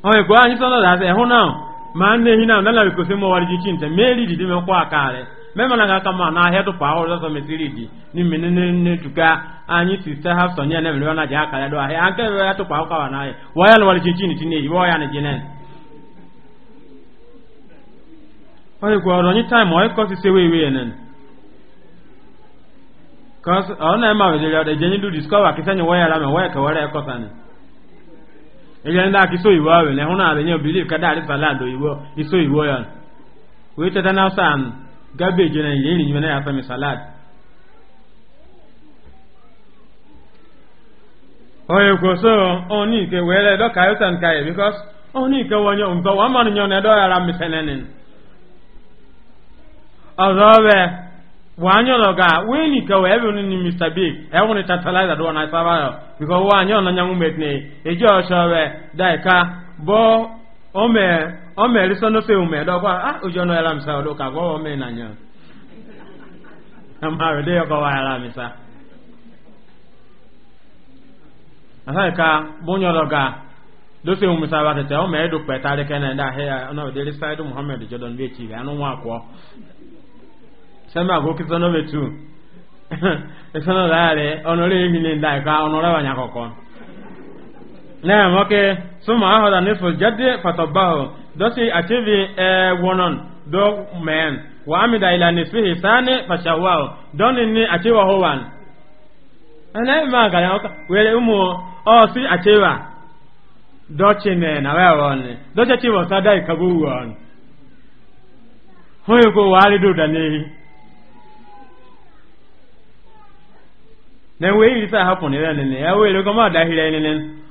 o e ko anyi so no da se ho eh, now ma nne hi na na la ko se mo wa ji chin te meri di di me kwa memana nga kama na ahịa tụpụ ahụrụ ọzọ mesiri ji n'ime nnetuka anyị sista ha sonye na emere na ji aka ya do ahịa aka ebe ya tụpụ ahụkawa na ahịa ya lụwara chinchin tinye iwe ọya na jinen oye gwọrọ onye na oye kọsi sewe iwe ya nen kọs ọ na-eme aweziri ọdụ ejenye du diskọva kịsa nye wọya rame wọya kewara ya kọsani ejenye ndị akịso iwe ọwe na ịhụ na abịa nye obiliv kada ya wee teta na gabeji na ile irin yana ya sami salad oye kò so oni ike were do ka yuta nka ye because oni ike wonye wa man nyo na do yara mi senenin azabe wanyo lo ga we ni ka we bi ni Mr Big e woni tantalizer do na saba yo because wanyo na nyangu metne ejo so we dai ka bo ome ome lisono se ome do kwa ah ojo no yala misa do ka gwo ome na nya amaro de ko wa yala misa e ka do ga do se umisa sa wa tete ome do pe tare kene da he ona de side muhammad jordan be chi ga anu wa ko sema go kisono be tu esono da re onore ehile ndai e ka onore wa naam okay suma ahoda nisfu jaddi fatabahu dosi achivi eh, wonon do men wa amida ila nisfihi sani fashawao doni ni achiwa howan ana ma ga ya ka wele umu o si achiwa dochi ne na wewo ni dochi chiwa sada ikabu won hoyo ko wali do dani na we yi hapo ni lene ya we lo kama dahira ni lene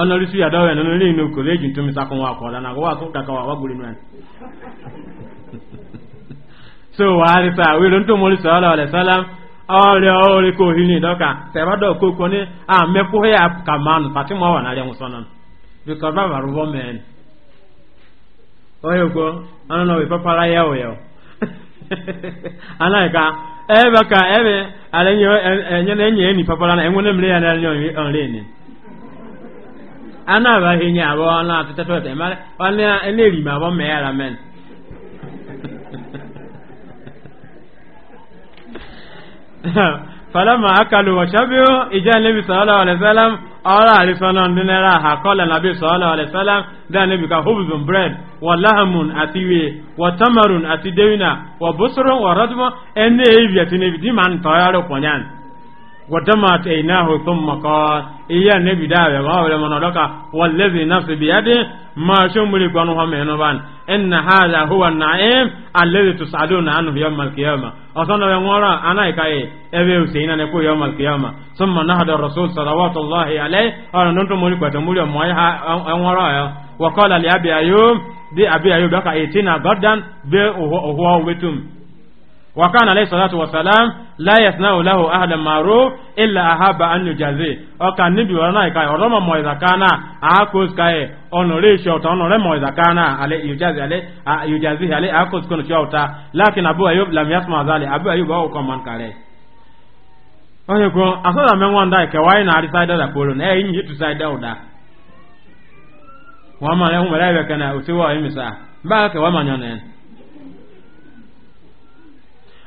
ọnụ ya dọwa nọ n'ụlọ inu kụrụ e eji ntụmị sakụ nwa akwọ na agwa asụ kaka wa gburu so wa arisa wero ntụ mori sọrọ ọrịa salam ọrịa ọrịa ka ohiri dọka sẹbadọ koko ni a mekwuhe ya ka mmanụ pati mụ ọwa na arịa nwụsọ nọ bikọ baba rụbọ men ohe okwo ọnụ nọ ya ụyọ anaghị ka ebe ka ebe na na ana ba hinye abo na tete tete mare ona ene ri ma bo me ara men falamma akalu wa shabiu ija nabi sallallahu alaihi wasallam ara ali sallallahu ha qala nabi sallallahu alaihi wasallam da nabi ka hubzun bread wa lahamun atiwe wa tamarun atidewina wa busrun wa radma ene ebi atine man tayaro ودمت عيناه ثم قال إيا نبي داوي وهو لمن لك والذي نفس بيده ما شمري بانوها مهنوبان إن هذا هو النعيم الذي تسعدون عنه يوم القيامة أصنع بمورا أنا إكاي أبي حسين نكو يوم القيامة ثم نهد الرسول صلوات الله عليه أنا ننتم مولي كتمولي أموايها أمورا وقال لأبي أيوب دي أبي أيوب لك إيتنا غدا بي أهو أهو وكان عليه الصلاة والسلام لا يصنع له أهل معروف إلا أحب أن يجازي وكان نبي ورنا كاي ورما مويزا كان أكوز كاي أنوري شوتا أنوري مويزا كان عليه يجازي عليه يجازي عليه أكوز كن شوتا لكن أبو أيوب لم يسمع ذلك أبو أيوب هو كمان كاري oye ko asada me wanda ke wai na arisaida da kolon e yin yitu saida oda wa ma ne umara be kana usiwa yimisa ba ke wa ma nyane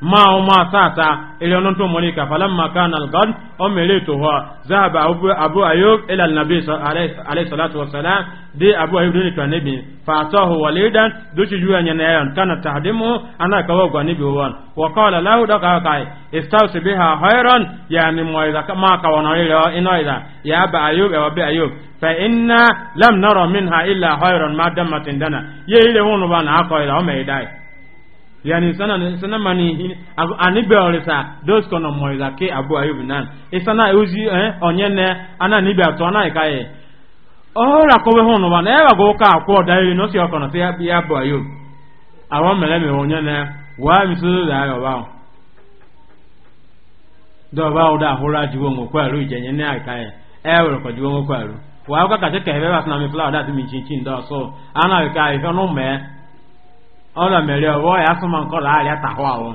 ma o ma sata ile onon to moni ka falam makana al-gad o mere to ha zahaba abu abu ayub ila al-nabi alayhi salatu wassalam di abu ayub ni to nabi fa atahu walidan do ci juya nyana yan kana tahdimu ana ka wa gwa nabi wan wa qala lahu da ka kai istawsi biha khairan yani mo ida ma ka wono ile ino ida ya ba ayub wa bi ayub fa inna lam nara minha illa khairan ma damatin dana ye ile wono bana akoida yani sana sana mani ani be orisa dos kono moiza ke abu ayub nan isana e uzi eh onye ne ana ni be ato e. na ikaye ko be hono bana e go ka ko da yi e, no si okono ti ya abu ayub awon mele me onye ne wa mi tu da yo ba do ba o da hora jiwo ngo kwa ru je ikaye e ko ngo kwa ru wa ka ka te ke be ba na mi flower da ti mi do so ana ikaye no me ọla mere ọwọ ya asụ ma nkọla arịa tahụ ahụ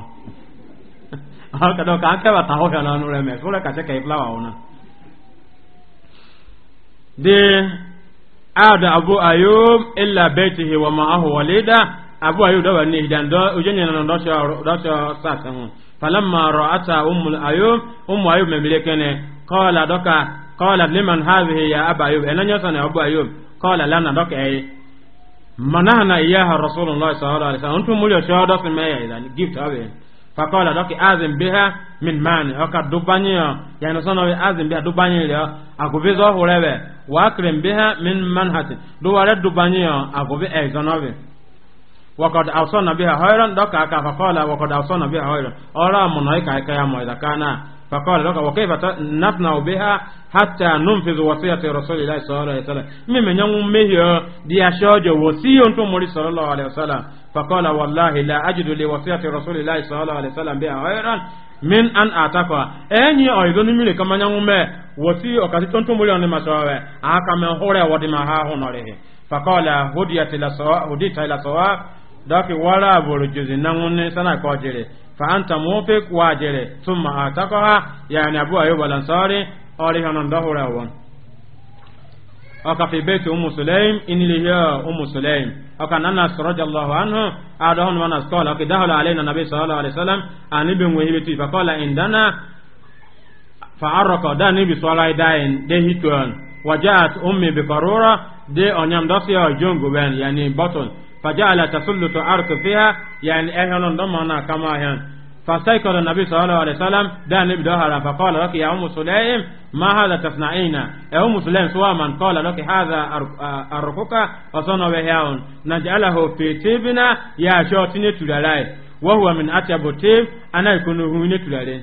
ọkadọ ka nkewa tahụ ya n'ọnụ rẹ mere kụrụ kacha ka ị flawa ọhụrụ dị ada abu ayub illa betihi wa ma'ahu walida abu ayub dọwa n'ihi da ndọ oje nyere na ndọchọ sas hụ falamma ra'ata ummu ayub ụmụ ayub memire kene kọla dọka kọla liman hadhihi ya aba ayub enanyo na abu ayub kọla lana doka ay manahna iyaha rasulullah sallallahu alaihi wasallam antum mulyo shodo se meya idan gift abe fakola doki azim biha min mani oka dubanyo yani sono we azim biha dubanyo le agubizo hurewe wa akrim biha min manhati duware dubanyo agubi e zonobe وقد أوصنا بها خيرا دوكا كفقال وقد أوصنا بها خيرا أرى منايك هيك يا مويدا كانا فقال لك وكيف نفنع بها حتى ننفذ وصية رسول الله صلى الله عليه وسلم ممن يوم مهي دي أشاج وصي تمر صلى الله عليه وسلم فقال والله لا أجد لوصية رسول الله صلى الله عليه وسلم بها غيرا من أن أعتقى أني أيضا ملي كما يوم وصي وكاتي تمر أن ما سوى أكما هوري ودما ها هناليه فقال هديت إلى سواء هديت إلى سواء dɔki wara aboro jozi nangunne sana kɔjere fa anta mufik wajere tuma atakoha yani abu ayub alansari ɔri hɔnɔ dɔhura wɔn ɔka fi beti umu sulaim inilihiya umu sulaim ɔka nana sɔrɔja allahu anhu adɔhɔn wana sɔla ɔki dahula alayna nabi sallallahu alaihi wasallam ani bi ŋwe hibiti fa kɔla indana fa arɔkɔ da ni bi sɔla idayin de hitɔn wajaat ummi bi karura de ɔnyam dɔsi ɔjongo bɛn yani bɔtɔn فجعل تسلط عرق فيها يعني اهل ضمنا كما هن فاستيقظ النبي صلى الله عليه وسلم ده نبدأها فقال لك يا أم سليم ما هذا تصنعين يا أم سليم سواء من قال لك هذا أرقك وصنع بهاون نجعله في تيبنا يا شوتين تلالاي وهو من أتيب تيب أنا يكون هوني تلالين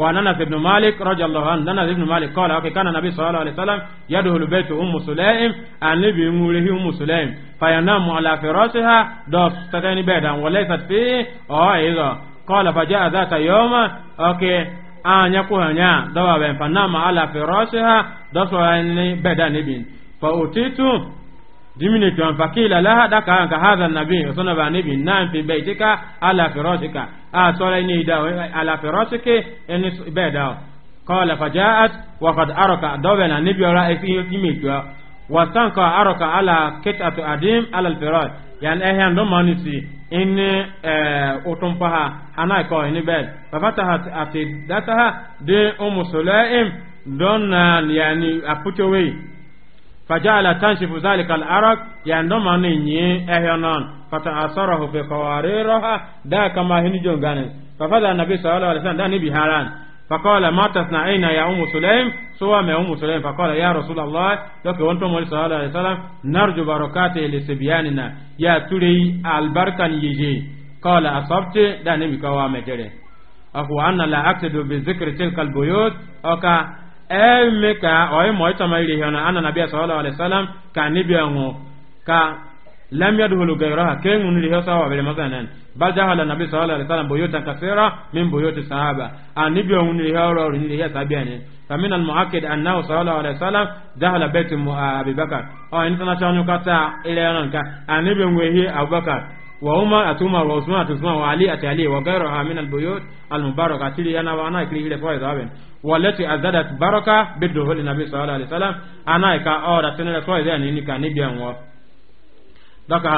وعن انس بن مالك رضي الله عنه انس بن مالك قال اوكي كان النبي صلى الله عليه وسلم يدخل بيت ام سليم عن نبي موله ام سليم فينام على فراشها دوس تتاني بيدا وليست فيه او ايضا قال فجاء ذات يوم اوكي an ya kuha nya dawa ben fanama ala firashiha daso ni beda dimini tuwan fakila laha daka hanka hadha nabi usana ba nabi nan fi baitika ala firashika a ah, sola ni da eh, ala firashike en be da qala fajaat wa qad araka dawla nabi ra fi yimi tuwa wa tanka araka ala kitatu adim ala al firash yan eh han do manisi in eh otum paha ana ko in be fa fatahat atidataha de umu sulaim donna yani apucho wei fajala tanshifu zalika al-arak ya ndoma ni nyi ehyonon fata asarahu bi qawariraha da kama hini jongane fafadha nabi sallallahu alaihi wasallam da ni biharan فقال ما تصنعين يا أم سليم سوى ما أم سليم فقال يا رسول الله لك وانتم صلى الله عليه وسلم نرجو بركاته لسبياننا يا تري البركة يجي قال أصبت دعني بكوامة جري أخو أن لا أقصد بذكر تلك البيوت أو eme ka oyi mo itama ile hiyo na ana nabia sallallahu alaihi wasallam ka nibia ngo ka lam yadhulu ghayraha ke ngun ile hiyo sawa bele masanan bal jahala nabi sallallahu salam wasallam buyutan kathira min buyuti sahaba an nibia ngun ile hiyo ro ile hiyo sabia ne famin al muakkid annahu sallallahu alaihi wasallam jahala bait abi bakar o in tana chanyo kata ile nan ka an nibia ngwe hi abubakar wa umar atuma wa usman atuma wa ali atali wa ghayraha min yana wa ana ikli ile faida walati azadat baraka biduhuli nabi sallallahu alaihi wasallam ana ka ora tenere so ide ni ka ni bi anwo daka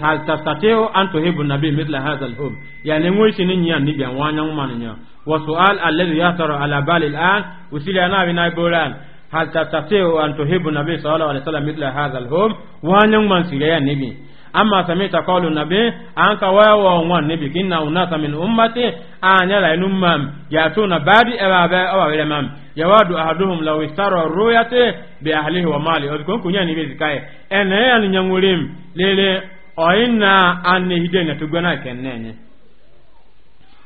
hal tastatio an tuhibu nabi mithla hadha alhub yani ngoi sini nya ni bi anwo anya ngman ala bali al'an usili bolan hal tastatio an tuhibu nabi sallallahu alaihi wasallam mithla hadha alhub amma samita qawlu nabi an ka wa wa wan nabi kinna unasa min ummati anya la inumam ya tuna badi aba ba aba wele mam yawadu wadu ahaduhum law istara ruyati bi ahlihi wa mali odkon kunya ni bezi kai ene ya nyangulim lele oina anne hidena tugwana kenenye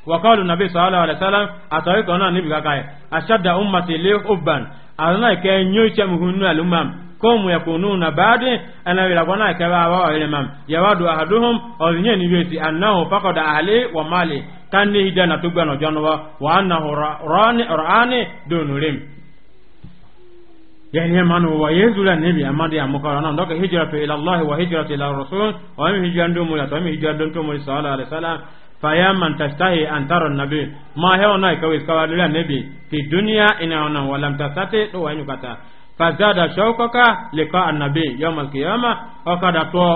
وقالوا النبي صلى الله عليه وسلم أتوقع أن النبي قال أشد أمتي لي أبا أنا كي نيوتي alumam. الأمم komu yakununa badi anawila gwana kaba wa ile mam yawadu ahaduhum olinye ni wesi annahu faqada ahli wa mali kanni hidana tugano janwa wa annahu rani rani dunulim yani manu wa yezu la nabi amadi amukara na ndoka hijratu ila allah wa hijratu ila rasul wa mi hijrandu mu ya tami hijrandu mu sallallahu alaihi wasallam fayaman tastahi an taro nabi ma hewa na ikawis kawadila nabi fi dunya ina ona walam tasate to wa nyukata فزاد شوقك لقاء النبي يوم القيامة وقد أطوى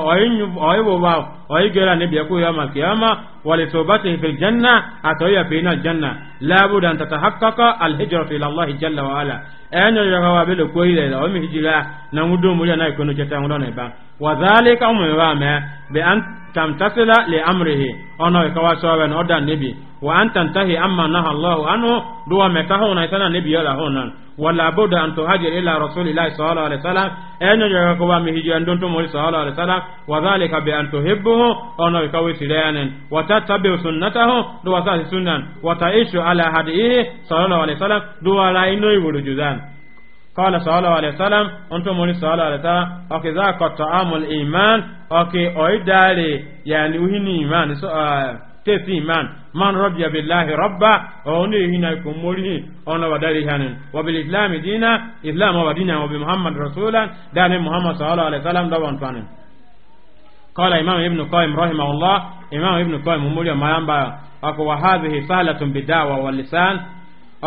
أيبو باو أيجر النبي يقول يوم القيامة ولتوبته في الجنة أتوي فينا الجنة لابد أن تتحقق الهجرة إلى الله جل وعلا enyo yoga wa bele ko ile o mi hijira na ngudo muri na ikono cheta ngudo na ba wa zalika mu wa ma bi an tamtasila li amrihi ono ka wa sawa na odan nabi wa an tantahi amma naha Allah anhu duwa meta ho na sana nabi yala honan wala buda an tuhajir ila rasulillahi sallallahu alaihi wasallam enyo yoga ko wa mi hijira ndon to muri sallallahu alaihi wasallam wa zalika bi an tuhibbuhu ono ka wa silanan wa tatabi sunnatahu duwa sa sunan wa ta'ishu ala hadihi sallallahu alaihi wasallam قال صلى الله عليه وسلم أنتم مولي صلى الله عليه وسلم أكي ذاك الطعام الإيمان أكي أعدالي يعني وهني إيمان آه، تسي إيمان من رضي بالله ربا وأني هنا يكون مولي أنا وداري هن وبالإسلام دينا إسلام ودينا وبمحمد رسولا داني محمد صلى الله عليه وسلم دوان فان قال إمام ابن قايم رحمه الله إمام ابن قايم مولي ما ينبع أكو وهذه سهلة بالدعوة واللسان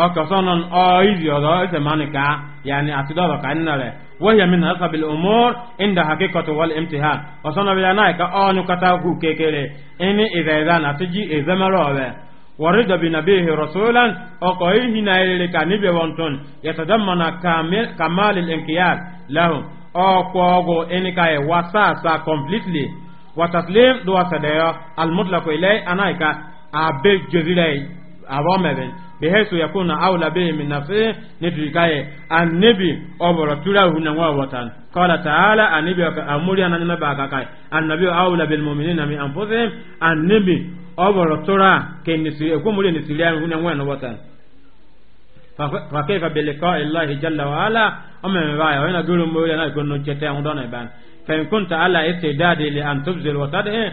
ọkọsọ́nà ọ̀ìzì ọ̀dọ̀ ẹsẹ̀ mánìkà yàní àtidọ́dọ̀ ká nínú rẹ̀ wọ́yẹ̀ mi nàá sàbìlì òmùr ìndà hakíkọ̀tù wọlé mtìhà ọ̀sọ́nà bíi anáà ẹ̀ka ọ̀nù kata hù kékeré ẹni ìzẹ̀ẹ̀dá nàti jí ìzẹ́mẹ́rọ̀ rẹ̀ wọ́rí dọ̀bì nàbí ihe rọ̀sọ́lán ọkọ̀ ìhì náà ìrìlẹ̀ ká níbi wọn tún yàtọ̀dọ̀ mọ̀nà kàmáàlì nkìyàl lẹ́hùn ọ̀pọ̀ ọgù ẹni ká ẹ̀ wá sáàsà completely wàtàsílẹ̀ dùwàsàdẹ̀yọ almutlaku ilẹ̀ anáà ẹ̀ka àbẹ́ jòzìlẹ̀ yìí abɔmɛbɛn bihesu yakuna awla bihi min nafsihi nitirikaye annabi oboro turahu na wa watan qala ta'ala annabi amuri ananna ba kakai annabi awla bil mu'minina min anfusihim annabi oboro tura kenisi ekumuri nisiriyan huna wa watan فكيف بلقاء الله جل وعلا أما مبايا وين أقول مولي أنا أقول نجتة عندنا يبان فإن كنت على استعداد لأن تبذل وتدعي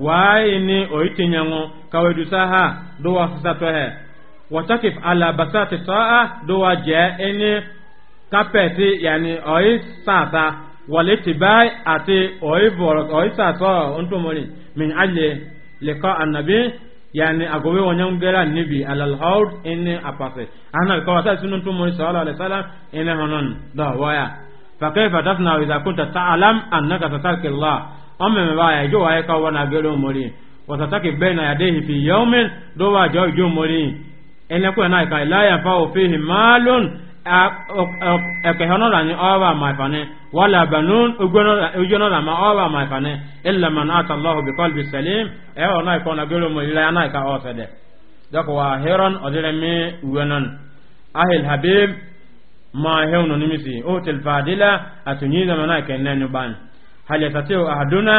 وايني أويتي نيمو kawedu saha do wa sisa tohe eh. watakif ala basati saa do wa je eni kapeti yani oyi sasa wale tibai ati oyi borok oyi sasa ontumoni min ajli liqa anabi yani agobe wanyam gera nibi alal haud eni apase ana ko wata sunun tumoni sallallahu alaihi wasallam eni honon da waya fa kayfa tafna idha kunta ta'lam annaka tatarki allah amma ma baya jo ay ka wasataki bena yadehi fi yaumin do wa jaw jom mori ene ko na ka la ya fa fihi malun e ke hono lani awa ma fane wala banun ugono ugono la ma awa ma fane illa man ata allah bi qalbi salim e ona ko na gelo mo ila na ka ofede dako wa heron odere mi wenon ahil habib ma hewno nimisi o tel fadila atunyiza da mana ken nanu ban hal yatati ahaduna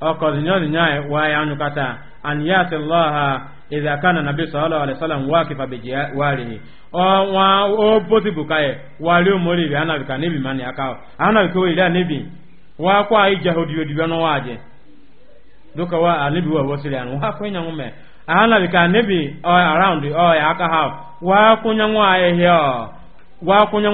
ọkọzi nyọzi nyae waya anyu kata an yasi allaha idha kana nabi sallallahu alaihi wasallam waqifa bi jawarihi o wa o o mori bi ana bika nebi mani akao ana ko ila nebi wa ha aka ha wa kunya ngwa ehe o wa kunya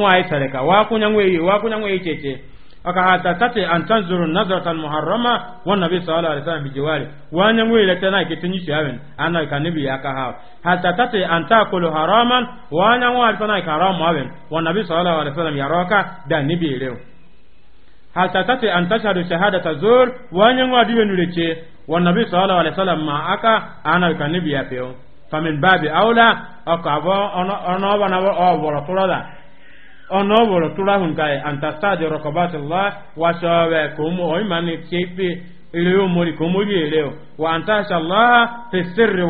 ngwa ai aka hadatati an tanzuru nazratan muharrama wa nabi sallallahu alaihi wasallam bijiwari wa nyangu ile tena ikitinyi shawen ana kanibi aka ha hadatati an takulu haraman wa nyangu alifana karamu awen wa nabi sallallahu alaihi wasallam yaraka da nibi ileo hadatati an tashhadu shahadata zur wa nyangu adiwe nuleche wa nabi sallallahu alaihi wasallam ma aka ana kanibi yapeo. famin babi aula aka abo ono ono bana o boro turoda onowolo tulahungaye anta sadi rokobat llah wasowe komu oymani cipi leo mori komori eleo wa antasa llaha fi sirri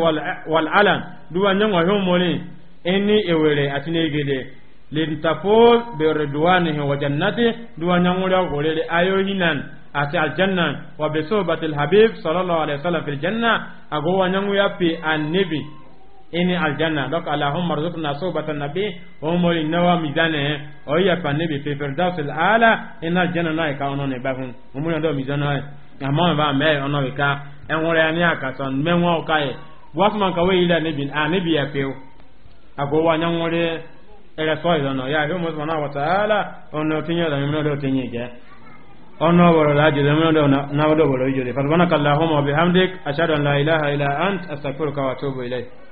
walalam duwa yong ohomoni ini ewere atinegede lintafo beredwanihi wa jannati duwa yongure ogorere ayo hinan ati aljanna wa bisohbati lhabib sallallah alih wa sallam fi ljanna agowa yonguyapi annebi ini aljanna donc allahumma rzuqna suhbata nabi o mori nawa mizane o ya fi ala in aljanna na ka ndo mizane amma ba me ono bi e ka en ani aka son me won o kai e. wasman ka we ila ne bin ani ya pe ago wa nyan wore ere so ido e no ya humu subhanahu wa ta'ala ono tinyo da mi ndo tinyo je ono woro la je mi ndo na wado woro je fa subhanaka allahumma bihamdik ashhadu an la ilaha illa ant astaghfiruka wa atubu ilayk